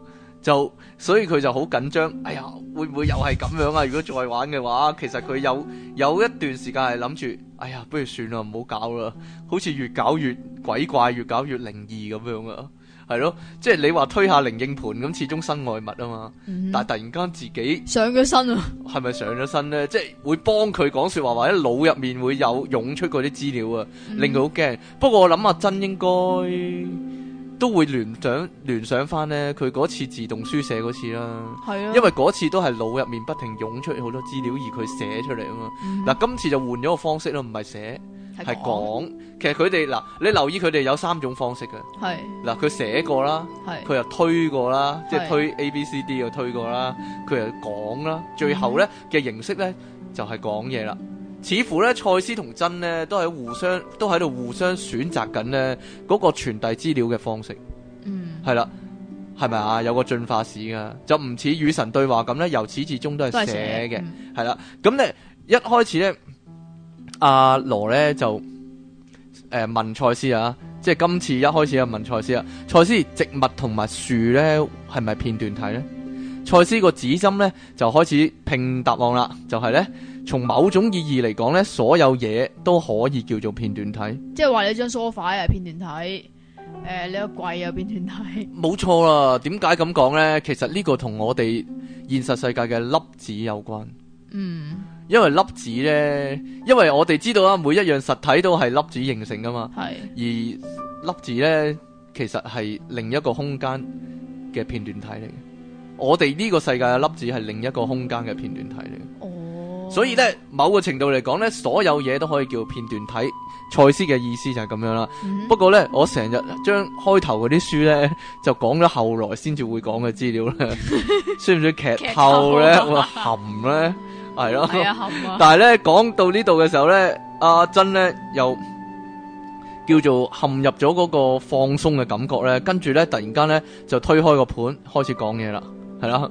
就所以佢就好緊張，哎呀，會唔會又係咁樣啊？如果再玩嘅話，其實佢有有一段時間係諗住，哎呀，不如算啦，唔好搞啦，好似越搞越鬼怪，越搞越靈異咁樣啊，係咯，即係你話推下靈應盤咁，始終身外物啊嘛，嗯、但係突然間自己上咗身啊，係咪上咗身咧？即係會幫佢講說話，或者腦入面會有湧出嗰啲資料啊、嗯，令佢好驚。不過我諗啊，真應該。嗯都會聯想聯想翻咧，佢嗰次自動書寫嗰次啦，啊、因為嗰次都係腦入面不停湧出好多資料而佢寫出嚟啊嘛。嗱、嗯，今次就換咗個方式咯，唔係寫係講，講。其實佢哋嗱，你留意佢哋有三種方式嘅。嗱，佢寫過啦，佢又推過啦，即係推 A B C D 又推過啦，佢又講啦，最後咧嘅、嗯、形式咧就係、是、講嘢啦。似乎咧，賽斯同珍咧都喺互相都喺度互相選擇緊呢嗰、那個傳遞資料嘅方式。嗯，係啦，係咪啊？有個進化史噶，就唔似與神對話咁咧，由始至終都係寫嘅。係啦，咁、嗯、咧一開始咧，阿羅咧就誒、呃、問賽斯啊，即係今次一開始就問賽斯啦。賽斯，植物同埋樹咧係咪片段體咧？賽斯個指針咧就開始拼答案啦，就係、是、咧。從某種意義嚟講呢，所有嘢都可以叫做片段體。即係話你張梳 o f 啊，片段體；誒、呃，你、這個櫃啊，片段體。冇錯啦。點解咁講呢？其實呢個同我哋現實世界嘅粒子有關。嗯。因為粒子呢，因為我哋知道啦，每一樣實體都係粒子形成噶嘛。係。而粒子呢，其實係另一個空間嘅片段體嚟嘅。我哋呢個世界嘅粒子係另一個空間嘅片段體嚟嘅。哦。所以咧，某個程度嚟講咧，所有嘢都可以叫片段睇。賽斯嘅意思就係咁樣啦。不過咧，我成日將開頭嗰啲書咧，就講咗後來先至會講嘅資料咧，算唔算劇透咧、啊 *laughs* 哎？含咧，係咯。但係咧，講到呢度嘅時候咧，阿珍咧又叫做陷入咗嗰個放鬆嘅感覺咧，跟住咧突然間咧就推開個盤開始講嘢啦，係啦。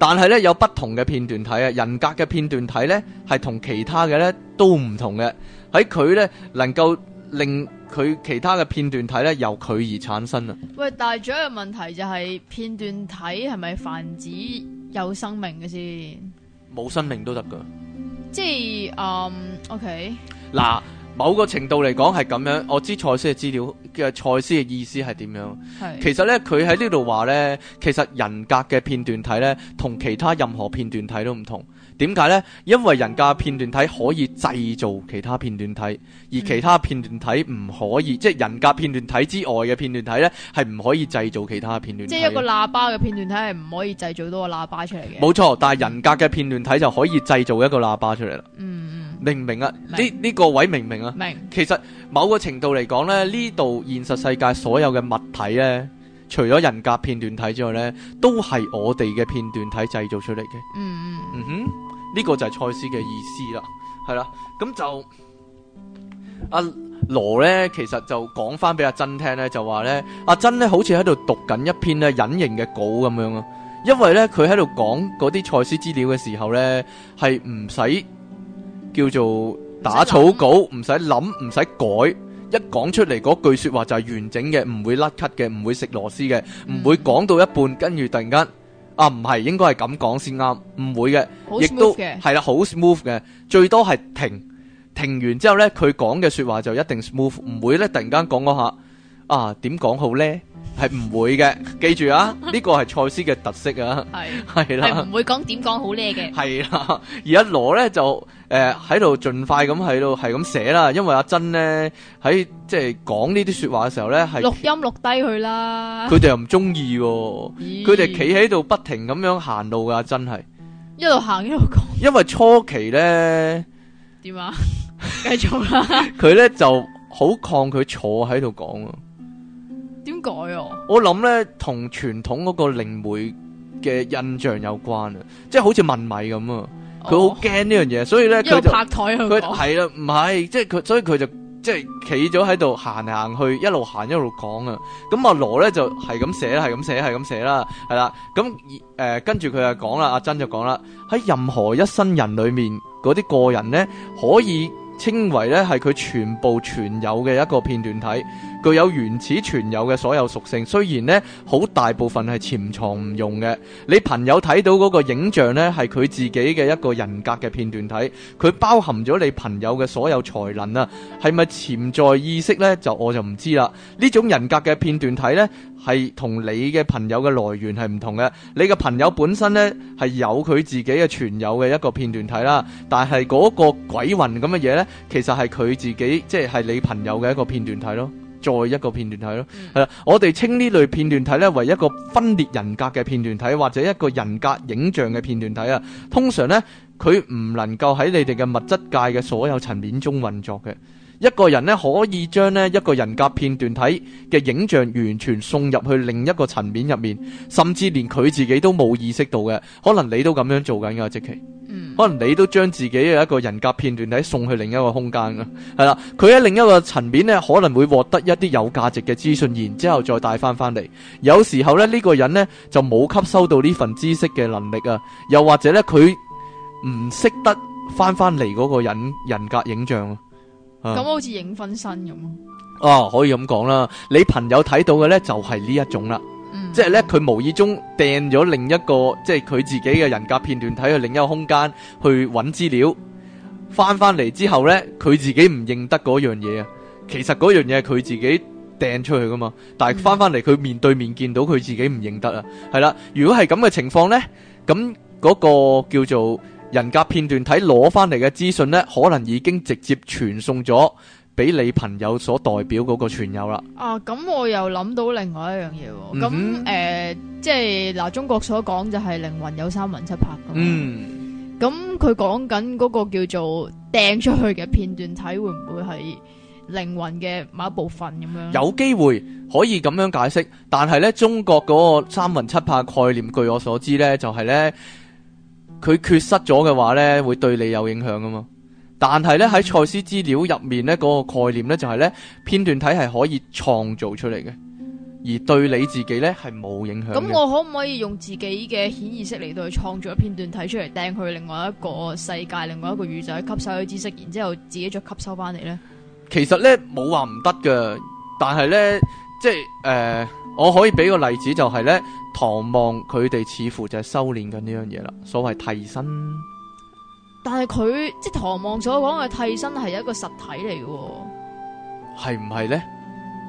但係咧，有不同嘅片段體啊，人格嘅片段體咧係同其他嘅咧都唔同嘅，喺佢咧能夠令佢其他嘅片段體咧由佢而產生啊。喂，但係主要嘅問題就係、是、片段體係咪泛指有生命嘅先？冇生命都得噶，即係嗯、um,，OK。嗱。某個程度嚟講係咁樣，我知賽斯嘅資料嘅賽斯嘅意思係點樣是。其實呢，佢喺呢度話呢，其實人格嘅片段體呢，同其他任何片段體都唔同。點解呢？因為人格片段體可以製造其他片段體，而其他片段體唔可以，嗯、即係人格片段體之外嘅片段體呢，係唔可以製造其他片段體。即係一個喇叭嘅片段體係唔可以製造到個喇叭出嚟嘅。冇錯，但係人格嘅片段體就可以製造一個喇叭出嚟啦。嗯嗯，明唔明啊？呢呢個位明唔明啊？明。這個明明啊、明，其實某個程度嚟講呢，呢度現實世界所有嘅物體呢，除咗人格片段體之外呢，都係我哋嘅片段體製造出嚟嘅。嗯嗯嗯哼。呢個就係賽斯嘅意思啦，係啦，咁就阿羅咧，其實就講翻俾阿珍聽咧，就話咧，阿珍咧好似喺度讀緊一篇咧隱形嘅稿咁樣啊，因為咧佢喺度講嗰啲賽斯資料嘅時候咧，係唔使叫做打草稿，唔使諗，唔使改，一講出嚟嗰句說話就係完整嘅，唔會甩咳嘅，唔會食螺絲嘅，唔會講到一半，跟住突然間。啊，唔係，應該係咁講先啱，唔會嘅，亦都係啦，好 smooth 嘅，最多係停，停完之後咧，佢講嘅說話就一定 smooth，唔會咧突然間講嗰下啊點講好咧？係唔會嘅，記住啊！呢個係賽斯嘅特色啊，係係啦，係唔會講點講好叻嘅，係啦。而阿羅咧就誒喺度盡快咁喺度係咁寫啦，因為阿珍咧喺即係講呢啲、就是、說話嘅時候咧係錄音錄低佢啦，佢哋又唔中意，佢哋企喺度不停咁樣行路噶、啊，真係一路行一路講，因為初期咧點啊，繼 *laughs* 續啦，佢 *laughs* 咧就好抗拒坐喺度講點改、啊、我諗咧，同傳統嗰個靈媒嘅印象有關啊，即係好似問米咁啊，佢好驚呢樣嘢，所以咧佢就佢係啦，唔係即係佢，所以佢就即係企咗喺度行嚟行去，一路行一路講啊。咁阿羅咧就係咁寫，係咁寫，係咁寫啦，係啦。咁誒，跟住佢就講啦，阿珍就講啦，喺任何一生人裏面嗰啲個人咧，可以稱為咧係佢全部存有嘅一個片段體。具有原始存有嘅所有屬性，雖然咧好大部分係潛藏唔用嘅。你朋友睇到嗰個影像咧，係佢自己嘅一個人格嘅片段體，佢包含咗你朋友嘅所有才能啊。係咪潛在意識咧？就我就唔知啦。呢種人格嘅片段體咧，係同你嘅朋友嘅來源係唔同嘅。你嘅朋友本身咧係有佢自己嘅存有嘅一個片段體啦，但係嗰個鬼魂咁嘅嘢咧，其實係佢自己，即係你朋友嘅一個片段體咯。再一個片段體咯，係啦、嗯，我哋稱呢類片段體呢為一個分裂人格嘅片段體，或者一個人格影像嘅片段體啊。通常呢，佢唔能夠喺你哋嘅物質界嘅所有層面中運作嘅。一個人咧可以將咧一個人格片段體嘅影像完全送入去另一個層面入面，甚至連佢自己都冇意識到嘅。可能你都咁樣做緊噶，即、嗯、奇。可能你都將自己嘅一個人格片段體送去另一個空間噶係啦。佢喺另一個層面咧，可能會獲得一啲有價值嘅資訊，然之後再帶翻翻嚟。有時候咧，呢、呢個人咧就冇吸收到呢份知識嘅能力啊，又或者咧佢唔識得翻翻嚟嗰個人人格影像。咁、嗯、好似影分身咁啊，哦，可以咁講啦。你朋友睇到嘅，呢就係呢一種啦，即係呢，佢、就是、無意中掟咗另一個，即係佢自己嘅人格片段，睇去另一個空間去揾資料，翻翻嚟之後呢，佢自己唔認得嗰樣嘢啊。其實嗰樣嘢係佢自己掟出去噶嘛，但係翻翻嚟佢面對面見到佢自己唔認得啊。係、嗯、啦，如果係咁嘅情況呢，咁嗰個叫做。人格片段體攞翻嚟嘅資訊呢，可能已經直接傳送咗俾你朋友所代表嗰個傳友啦。啊，咁我又諗到另外一樣嘢喎。咁、嗯、誒，即係嗱，中國所講就係靈魂有三魂七魄嘅嘛。嗯。咁佢講緊嗰個叫做掟出去嘅片段體，會唔會係靈魂嘅某一部分咁樣？有機會可以咁樣解釋，但係呢，中國嗰個三魂七魄概念，據我所知呢，就係呢。佢缺失咗嘅話呢，會對你有影響㗎嘛。但係呢，喺賽斯資料入面呢，嗰、那個概念呢，就係、是、呢片段體係可以創造出嚟嘅，而對你自己呢係冇影響。咁我可唔可以用自己嘅顯意識嚟到去創造一片段體出嚟，掟去另外一個世界，另外一個宇宙去吸收啲知識，然之後自己再吸收翻嚟呢？其實呢，冇話唔得㗎，但係呢，即係誒。呃我可以俾個例子就係、是、咧，唐望佢哋似乎就係修煉緊呢樣嘢啦，所謂替身。但係佢即係唐望所講嘅替身係一個實體嚟嘅，係唔係咧？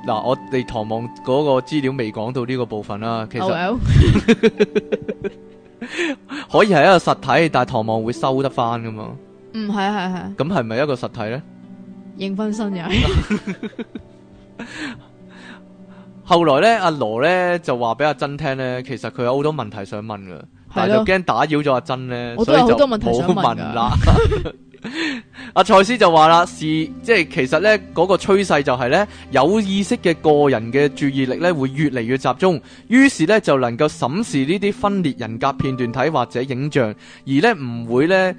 嗱、啊，我哋唐望嗰個資料未講到呢個部分啦，其實、啊 well. *laughs* 可以係一個實體，但係唐望會收得翻噶嘛？嗯，係啊，係啊，係。咁係咪一個實體咧？認分身又 *laughs* 後來咧，羅呢阿羅咧就話俾阿珍聽咧，其實佢有好多問題想問噶，但係就驚打擾咗阿珍咧，多問題想問，所以就冇問啦。阿賽斯就話啦，是即係其實咧嗰，那個趨勢就係咧，有意識嘅個人嘅注意力咧會越嚟越集中，於是咧就能夠審視呢啲分裂人格片段體或者影像，而咧唔會咧誒。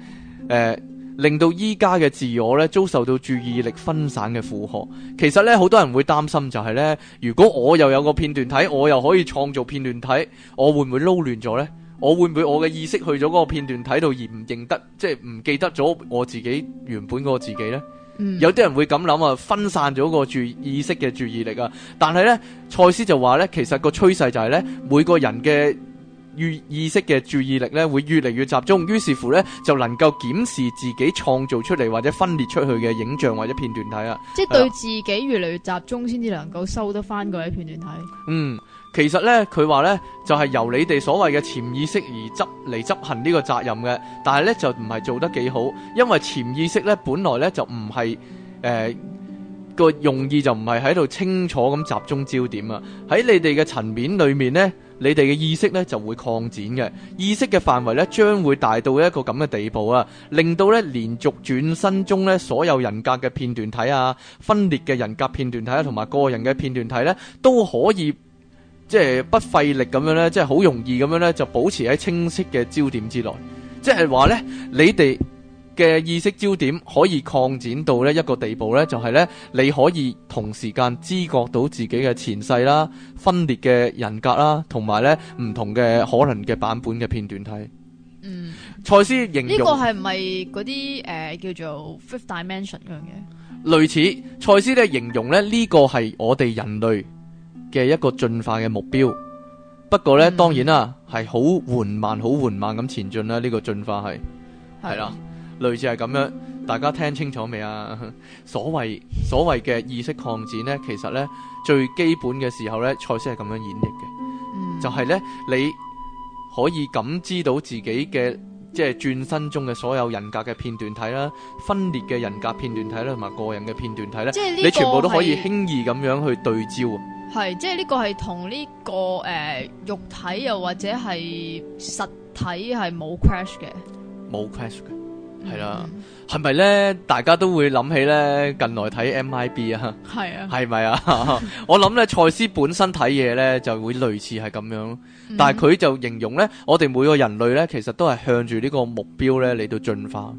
呃令到依家嘅自我咧遭受到注意力分散嘅負荷，其實咧好多人會擔心就係咧，如果我又有個片段體，我又可以創造片段體，我會唔會撈亂咗呢？我會唔會我嘅意識去咗個個片段體度而唔認得，即係唔記得咗我自己原本嗰個自己呢？嗯、有啲人會咁諗啊，分散咗個注意識嘅注意力啊！但係呢，賽斯就話呢其實個趨勢就係呢，每個人嘅。意識嘅注意力咧，會越嚟越集中，於是乎咧，就能夠檢視自己創造出嚟或者分裂出去嘅影像或者片段睇啊！即係對自己越嚟越集中，先至能夠收得翻嗰啲片段睇。嗯，其實咧，佢話咧，就係由你哋所謂嘅潛意識而執嚟執行呢個責任嘅，但係咧就唔係做得幾好，因為潛意識咧，本來咧就唔係誒個用意就唔係喺度清楚咁集中焦點啊！喺你哋嘅層面裏面咧。你哋嘅意識咧就會擴展嘅，意識嘅範圍咧將會大到一個咁嘅地步啊，令到咧連續轉身中咧所有人格嘅片段體啊、分裂嘅人格片段體啊同埋個人嘅片段體咧都可以即係不費力咁樣咧，即係好容易咁樣咧就保持喺清晰嘅焦點之內，即係話咧你哋。嘅意識焦點可以擴展到呢一個地步呢就係呢你可以同時間知覺到自己嘅前世啦、分裂嘅人格啦，同埋呢唔同嘅可能嘅版本嘅片段睇。嗯，賽斯形容呢個係唔係嗰啲誒叫做 fifth dimension 咁樣嘢？類似賽斯咧形容呢個係我哋人類嘅一個進化嘅目標。不過呢，嗯、當然啦，係好緩慢、好緩慢咁前進啦。呢、這個進化係啦。類似係咁樣，大家聽清楚未啊？所謂所謂嘅意識擴展咧，其實咧，最基本嘅時候咧，賽斯係咁樣演繹嘅、嗯，就係、是、咧你可以感知到自己嘅即係轉身中嘅所有人格嘅片段體啦，分裂嘅人格片段體啦，同埋個人嘅片段體咧，你全部都可以輕易咁樣去對焦啊，係，即係呢個係同呢個誒、呃、肉體又或者係實體係冇 crash 嘅，冇 crash 嘅。係啦，係咪咧？大家都會諗起咧，近來睇 MIB 啊，係啊，係咪啊？ *laughs* 我諗咧，賽斯本身睇嘢咧，就會類似係咁樣，嗯、但係佢就形容咧，我哋每個人類咧，其實都係向住呢個目標咧嚟到進化。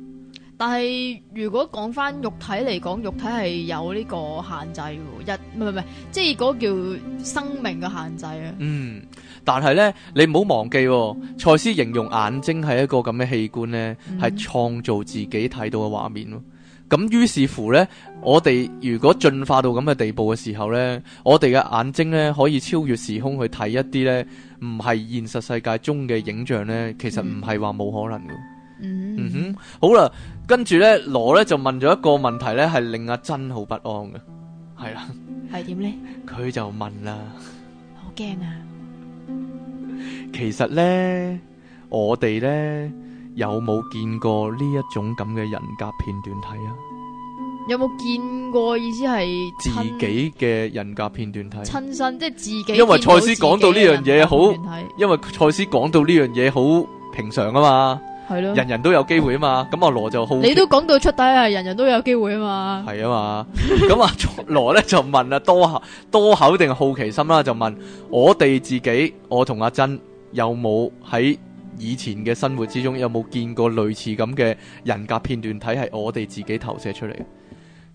但係如果講返肉體嚟講，肉體係有呢個限制嘅，一唔唔唔，即係、就是、叫生命嘅限制啊。嗯，但係咧，你唔好忘記、哦，賽斯形容眼睛係一個咁嘅器官咧，係、嗯、創造自己睇到嘅畫面咯。咁於是乎咧，我哋如果進化到咁嘅地步嘅時候咧，我哋嘅眼睛咧可以超越時空去睇一啲咧唔係現實世界中嘅影像咧，其實唔係話冇可能嘅。嗯嗯哼，好啦。跟住咧，羅咧就問咗一個問題咧，係令阿珍好不安嘅，係啦，係點咧？佢就問啦，好驚啊！其實咧，我哋咧有冇見過呢一種咁嘅人格片段體啊？有冇見過？意思係自己嘅人格片段體，親身即係自己，因自己人格片段體，因為賽斯講到呢樣嘢好，因為賽斯講到呢樣嘢好平常啊嘛。係咯，人人都有機會啊嘛，咁阿羅就好。你都講到出底啊，人人都有機會啊嘛。係啊嘛，咁阿羅咧就問啊，多口多口定好奇心啦，就問 *laughs* 我哋自己，我同阿珍有冇喺以前嘅生活之中有冇見過類似咁嘅人格片段，睇係我哋自己投射出嚟。 *laughs*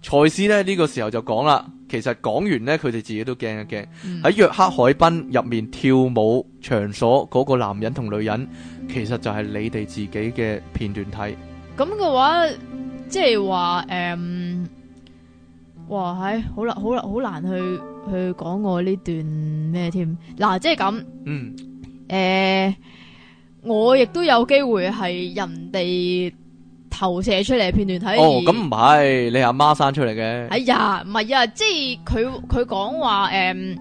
賽斯呢，呢、這個時候就講啦，其實講完呢，佢哋自己都驚一驚。喺、嗯、約克海濱入面跳舞場所嗰個男人同女人。其實就係你哋自己嘅片段體，咁嘅話即係話誒，哇，唉、哎，好難好難好難去去講我呢段咩添？嗱、啊，即係咁，嗯，誒、欸，我亦都有機會係人哋投射出嚟嘅片段體。哦，咁唔係，你阿媽生出嚟嘅。哎呀，唔係啊，即係佢佢講話誒。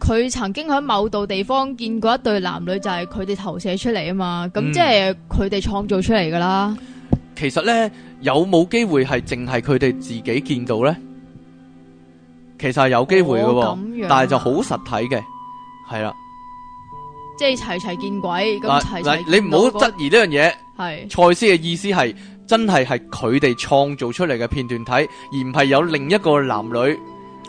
佢曾經喺某度地方見過一對男女，就係佢哋投射出嚟啊嘛，咁即係佢哋創造出嚟噶啦。其實呢，有冇機會係淨係佢哋自己見到呢？其實係有機會嘅喎、哦，但係就好實體嘅，係啦，即係齊齊見鬼咁。嗱齊齊、那個，你唔好質疑呢樣嘢。係賽斯嘅意思係真係係佢哋創造出嚟嘅片段體，而唔係有另一個男女。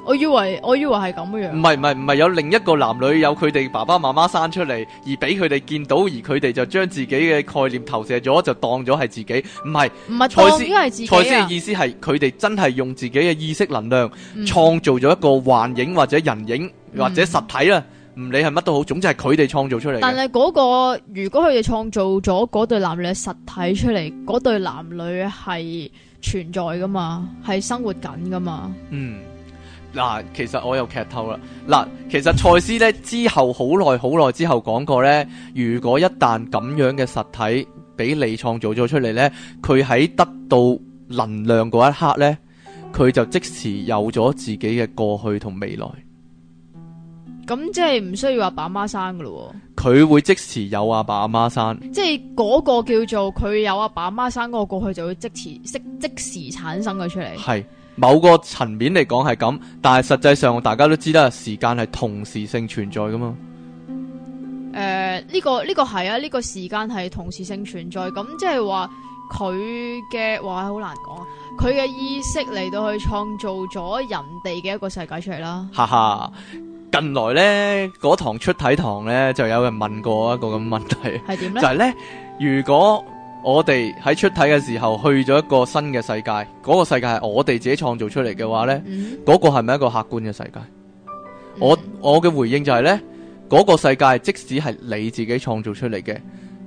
我以為我以為係咁樣，唔係唔係唔係有另一個男女有佢哋爸爸媽媽生出嚟，而俾佢哋見到，而佢哋就將自己嘅概念投射咗，就當咗係自己。唔係唔係，賽斯賽斯嘅意思係佢哋真係用自己嘅意識能量創、嗯、造咗一個幻影或者人影或者實體啦，唔理係乜都好，總之係佢哋創造出嚟。但係嗰、嗰個如果佢哋創造咗嗰對男女嘅實體出嚟，嗰對男女係存在噶嘛？係生活緊噶嘛？嗯。嗯嗱、啊，其實我又劇透啦。嗱、啊，其實賽斯咧之後好耐好耐之後講過咧，如果一旦咁樣嘅實體俾你創造咗出嚟咧，佢喺得到能量嗰一刻咧，佢就即時有咗自己嘅過去同未來。咁即係唔需要阿爸媽生噶咯？佢會即時有阿爸阿媽生。即係嗰個叫做佢有阿爸阿媽生嗰個過去就會即時即即時產生佢出嚟。係。某個層面嚟講係咁，但係實際上大家都知啦，時間係同時性存在噶嘛、呃。誒、呢個，呢、呢個呢個係啊，呢、呢個時間係同時性存在，咁即係話佢嘅哇，好難講啊！佢嘅意識嚟到去創造咗人哋嘅一個世界出嚟啦。哈哈，近來呢嗰堂出體堂呢就有人問過一個咁問題，係點呢就係、係、呢如果。我哋喺出體嘅時候去咗一個新嘅世界，嗰個世界係我哋自己創造出嚟嘅話呢嗰，嗯嗰個係咪一個客觀嘅世界？嗯，我我嘅回應就係呢嗰個世界即使係你自己創造出嚟嘅，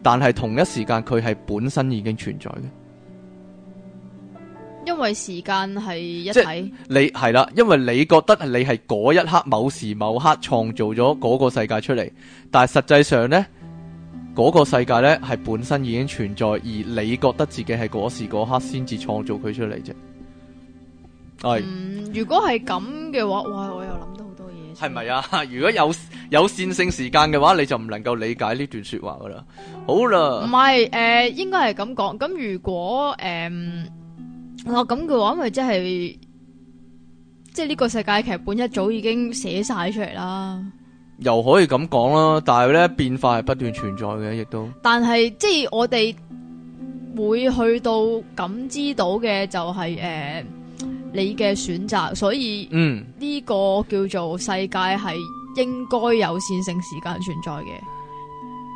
但係同一時間佢係本身已經存在嘅，因為時間係一體。你係啦，因為你覺得你係嗰一刻某時某刻創造咗嗰個世界出嚟，但係實際上呢。嗰個世界咧，係本身已經存在，而你覺得自己係嗰時嗰刻先至創造佢出嚟啫。係、嗯，如果係咁嘅話，哇！我又諗到好多嘢。係咪啊？如果有有線性時間嘅話，你就唔能夠理解呢段說話噶啦。好啦，唔係誒，應該係咁講。咁如果誒，哇咁嘅話，咪即係即係呢個世界劇本一早已經寫晒出嚟啦。又可以咁講啦，但係咧，變化係不斷存在嘅，亦都但。但係即係我哋會去到感知到嘅就係、是、誒、呃、你嘅選擇，所以呢個叫做世界係應該有線性時間存在嘅。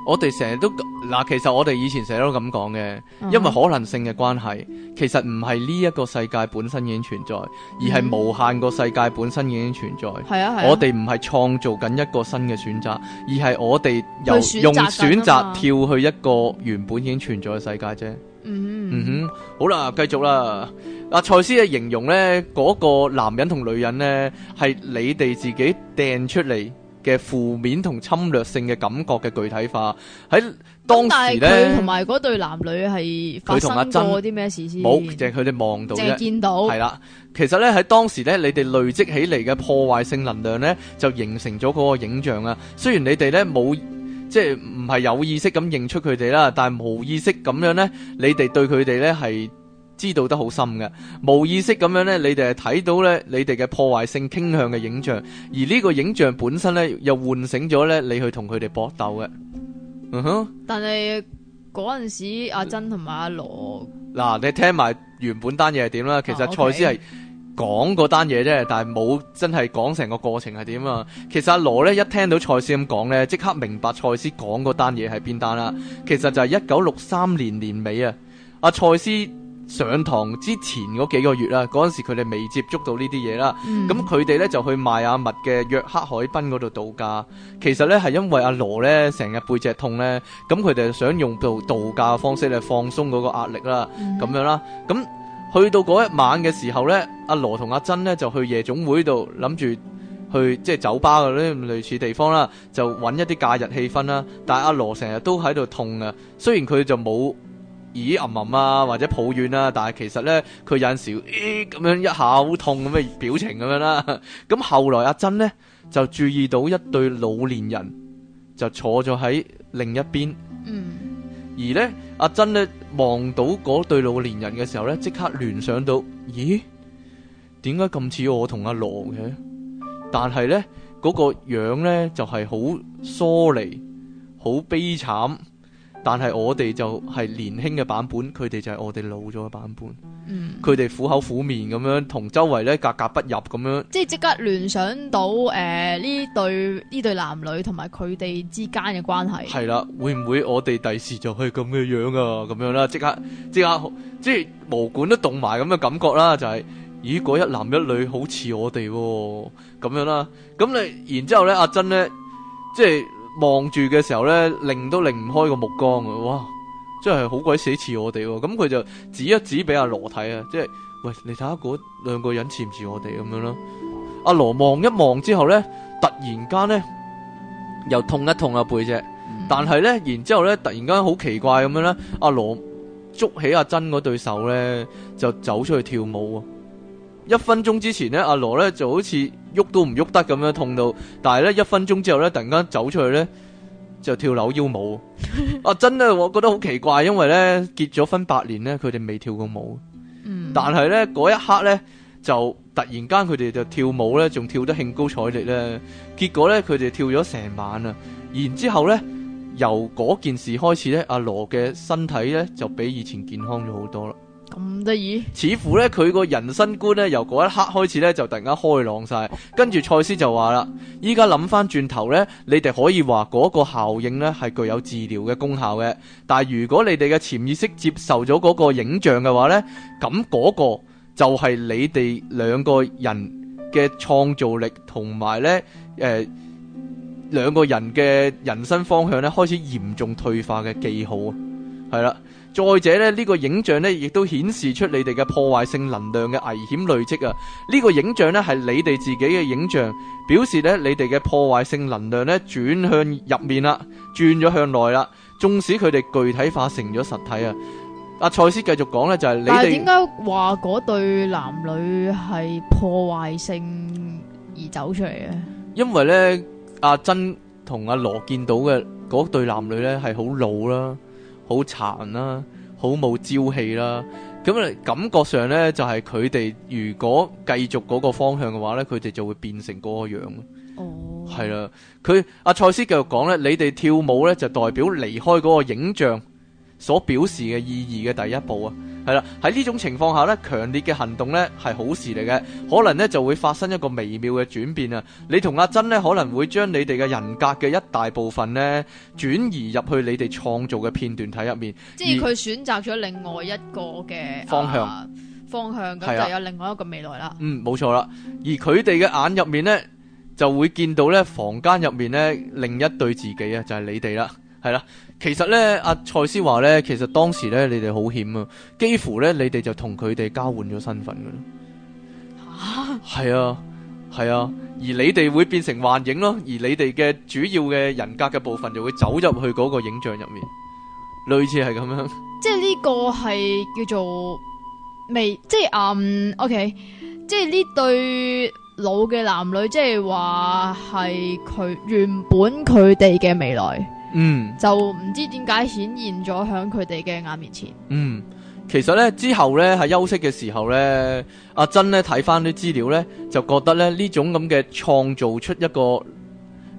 我哋成日都嗱，其實我哋以前成日都咁講嘅，因為可能性嘅關係，其實唔係呢一個世界本身已經存在，而係無限個世界本身已經存在。嗯，係啊係啊，我哋唔係創造緊一個新嘅選擇，而係我哋由用選擇跳去一個原本已經存在嘅世界啫。嗯嗯，嗯哼。好啦，繼續啦。阿賽斯嘅形容咧，嗰、嗰個男人同女人咧，係你哋自己掟出嚟，嘅負面同侵略性嘅感覺嘅具體化。喺當時咧，佢同埋嗰對男女係發生過啲咩事先？冇，就係佢哋望到啫，見到，係啦。其實咧，喺當時咧，你哋累積起嚟嘅破壞性能量咧，就形成咗嗰個影像啦。雖然你哋咧冇，即係唔係有意識咁認出佢哋啦，但係無意識咁樣咧，你哋對佢哋咧係。知道得好深嘅，無意識咁樣呢。你哋係睇到呢，你哋嘅破壞性傾向嘅影像，而呢個影像本身呢，又喚醒咗呢。你去同佢哋搏鬥嘅。哼、uh-huh? 但係嗰陣時，阿珍同埋阿羅。嗱、啊，你聽埋原本單嘢係點啦？其實賽斯係講嗰單嘢啫，啊 okay. 但係冇真係講成個過程係點啊。其實阿羅呢，一聽到賽斯咁講呢，即刻明白賽斯講嗰單嘢係邊單啦。其實就係一九六三年年尾啊，阿賽斯。上堂之前嗰幾個月啦，嗰陣時佢哋未接觸到呢啲嘢啦，咁佢哋咧就去邁阿密嘅約克海濱嗰度度假。其實咧係因為阿羅咧成日背脊痛咧，咁佢哋想用度度假嘅方式嚟放鬆嗰個壓力啦，咁、嗯、樣啦。咁去到嗰一晚嘅時候咧，阿羅同阿珍咧就去夜總會度諗住去即係酒吧嗰啲類似地方啦，就揾一啲假日氣氛啦。但係阿羅成日都喺度痛啊，雖然佢就冇。咦，吟吟啊，或者抱怨啊，但係其實咧，佢有陣時咦、咁樣一下好痛咁嘅表情咁樣啦。咁後來阿珍咧就注意到一對老年人就坐咗喺另一邊。嗯。而咧阿珍咧望到嗰對老年人嘅時候咧，即刻聯想到，咦，點解咁似我同阿羅嘅？但係咧嗰個樣咧就係、是、好疏離，好悲慘。但係我哋就係年輕嘅版本，佢哋就係我哋老咗嘅版本。嗯，佢哋、嗯、苦口苦面咁樣，同周圍咧格格不入咁樣。即係即刻聯想到誒呢、呃、對呢對男女同埋佢哋之間嘅關係。係啦，會唔會我哋第時就係咁嘅樣啊？咁樣啦，刻刻嗯、即刻即刻即係毛管都凍埋咁嘅感覺啦，就係、是、咦，嗰一男一女好似我哋喎、啊，咁樣啦。咁你然之後咧，阿珍咧即係。望住嘅時候咧，擰都擰唔開個目光啊！哇，真係好鬼死似我哋咁，啊。佢就指一指俾阿羅睇啊，即係喂，你睇下嗰兩個人似唔似我哋咁樣咯。阿羅望一望之後咧，突然間咧又痛一痛啊背脊、嗯，但係咧，然之後咧突然間好奇怪咁樣咧，阿羅捉起阿珍嗰對手咧就走出去跳舞啊！一分鐘之前咧，阿羅咧就好似喐都唔喐得咁樣痛到，但係咧一分鐘之後咧，突然間走出去咧就跳樓腰舞， *laughs* 啊真係我覺得好奇怪，因為咧結咗婚八年咧，佢哋未跳過舞，嗯、但係咧嗰一刻咧就突然間佢哋就跳舞咧，仲跳得興高采烈咧，結果咧佢哋跳咗成晚啊，然之後咧由嗰件事開始咧，阿羅嘅身體咧就比以前健康咗好多啦。唔得意，似乎咧佢個人生觀咧由嗰一刻開始咧就突然間開朗晒，跟住賽斯就話啦，依家諗翻轉頭呢，你哋可以話嗰個效應呢，係具有治療嘅功效嘅，但係如果你哋嘅潛意識接受咗嗰個影像嘅話呢，咁嗰個就係你哋兩個人嘅創造力同埋呢，誒兩個人嘅人生方向呢開始嚴重退化嘅記號。係啦，再者咧，呢、這個影像咧，亦都顯示出你哋嘅破壞性能量嘅危險累積啊！呢、這個影像咧，係你哋自己嘅影像，表示咧你哋嘅破壞性能量咧轉向入面啦，轉咗向內啦，縱使佢哋具體化成咗實體啊！阿、啊、賽斯繼續講咧，就係、是、你哋點解話嗰對男女係破壞性而走出嚟嘅？因為咧，阿珍同阿羅見到嘅嗰對男女咧，係好老啦、啊。好殘啦、啊，好冇朝氣啦、啊，咁啊感覺上呢，就係佢哋如果繼續嗰個方向嘅話呢，佢哋就會變成嗰個樣哦，係、嗯、啦，佢阿賽斯繼續講呢，你哋跳舞呢，就代表離開嗰個影像所表示嘅意義嘅第一步啊。係啦，喺呢種情況下咧，強烈嘅行動咧係好事嚟嘅，可能咧就會發生一個微妙嘅轉變啊！你同阿珍咧可能會將你哋嘅人格嘅一大部分咧轉移入去你哋創造嘅片段體入面，即係佢選擇咗另外一個嘅、啊、方向，方向咁就有另外一個未來啦、啊。嗯，冇錯啦，而佢哋嘅眼入面咧就會見到咧房間入面咧另一對自己啊，就係、是、你哋啦，係啦、啊。其實咧，阿賽斯話咧，其實當時咧，你哋好險啊！幾乎咧，你哋就同佢哋交換咗身份噶啦。啊，係啊，係啊，而你哋會變成幻影咯，而你哋嘅主要嘅人格嘅部分就會走入去嗰個影像入面，類似係咁樣。即係呢個係叫做未，即係嗯，um，OK，即係呢對老嘅男女，即係話係佢，即係話係佢原本佢哋嘅未來。嗯，就唔知點解顯現咗喺佢哋嘅眼面前。嗯，其實咧之後咧喺休息嘅時候咧，阿珍咧睇翻啲資料咧，就覺得咧呢這種咁嘅創造出一個，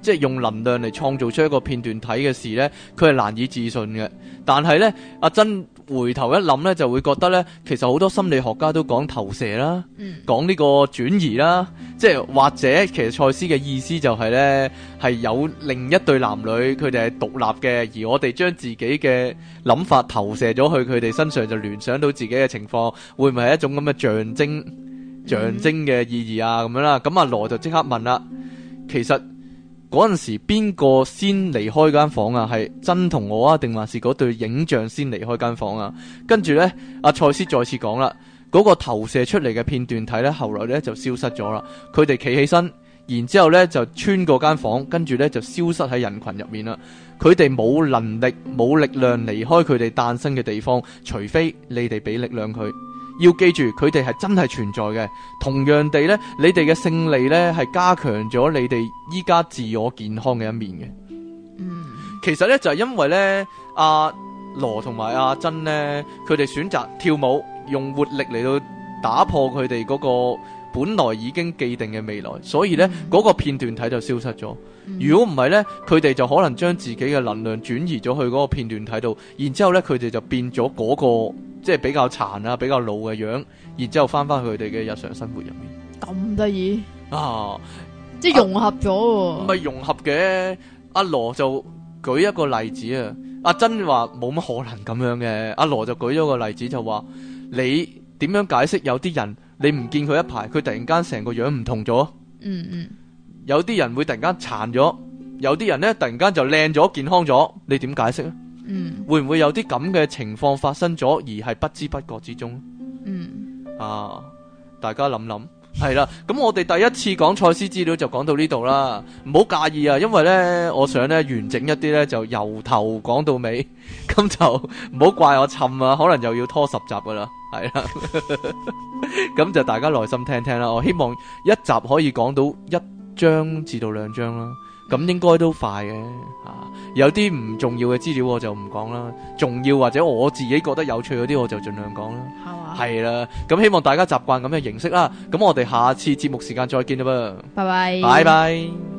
即係用能量嚟創造出一個片段體嘅事咧，佢係難以置信嘅。但係咧，阿珍。回頭一諗咧，就會覺得咧，其實好多心理學家都講投射啦，嗯、講呢個轉移啦，即係或者其實賽斯嘅意思就係咧，係有另一對男女，佢哋係獨立嘅，而我哋將自己嘅諗法投射咗去佢哋身上，就聯想到自己嘅情況，會唔會係一種咁嘅象徵象徵嘅意義啊咁、嗯、樣啦？咁阿羅就即刻問啦，其實，嗰陣時邊個先離開間房啊？係真同我啊，定還是嗰對影像先離開間房啊？跟住呢，阿、啊、賽斯再次講啦，嗰、那個投射出嚟嘅片段睇呢，後來呢就消失咗啦。佢哋企起身，然之後呢就穿過間房，跟住呢就消失喺人群入面啦。佢哋冇能力、冇力量離開佢哋誕生嘅地方，除非你哋俾力量佢。要記住，佢哋係真係存在嘅。同樣地呢，你哋嘅勝利呢係加強咗你哋依家自我健康嘅一面嘅。嗯，其實呢，就係、是、因為呢，阿羅同埋阿珍呢，佢哋選擇跳舞，用活力嚟到打破佢哋嗰個本來已經既定嘅未來，所以呢，嗰、那個片段體就消失咗。如果唔係呢，佢哋就可能將自己嘅能量轉移咗去嗰個片段睇到，然之後呢佢哋就變咗嗰、那個即係比較殘啊、比較老嘅樣，然之後翻翻去佢哋嘅日常生活入面。咁得意啊！即係融合咗、啊、唔、啊、係融合嘅。阿、啊、羅就舉一個例子啊，阿珍話冇乜可能咁樣嘅。阿、啊、羅就舉咗個例子就話：你點樣解釋有啲人你唔見佢一排，佢突然間成個樣唔同咗？嗯嗯。有啲人會突然間殘咗，有啲人呢突然間就靚咗、健康咗，你點解釋啊？嗯，會唔會有啲咁嘅情況發生咗而係不知不覺之中？嗯，啊，大家諗諗，係 *laughs* 啦。咁我哋第一次講賽斯資料就講到呢度啦，唔好介意啊。因為呢，我想呢，完整一啲呢就由頭講到尾，咁就唔好怪我沉啊，可能又要拖十集噶啦，係啦。咁 *laughs* 就大家耐心聽聽啦。我希望一集可以講到一張至到兩張啦，咁應該都快嘅。啊、有啲唔重要嘅資料我就唔講啦，重要或者我自己覺得有趣嗰啲我就盡量講啦。係嘛，啊，係啦。咁希望大家習慣咁嘅形式啦。咁我哋下次節目時間再見啦噃。拜拜，拜拜。Bye bye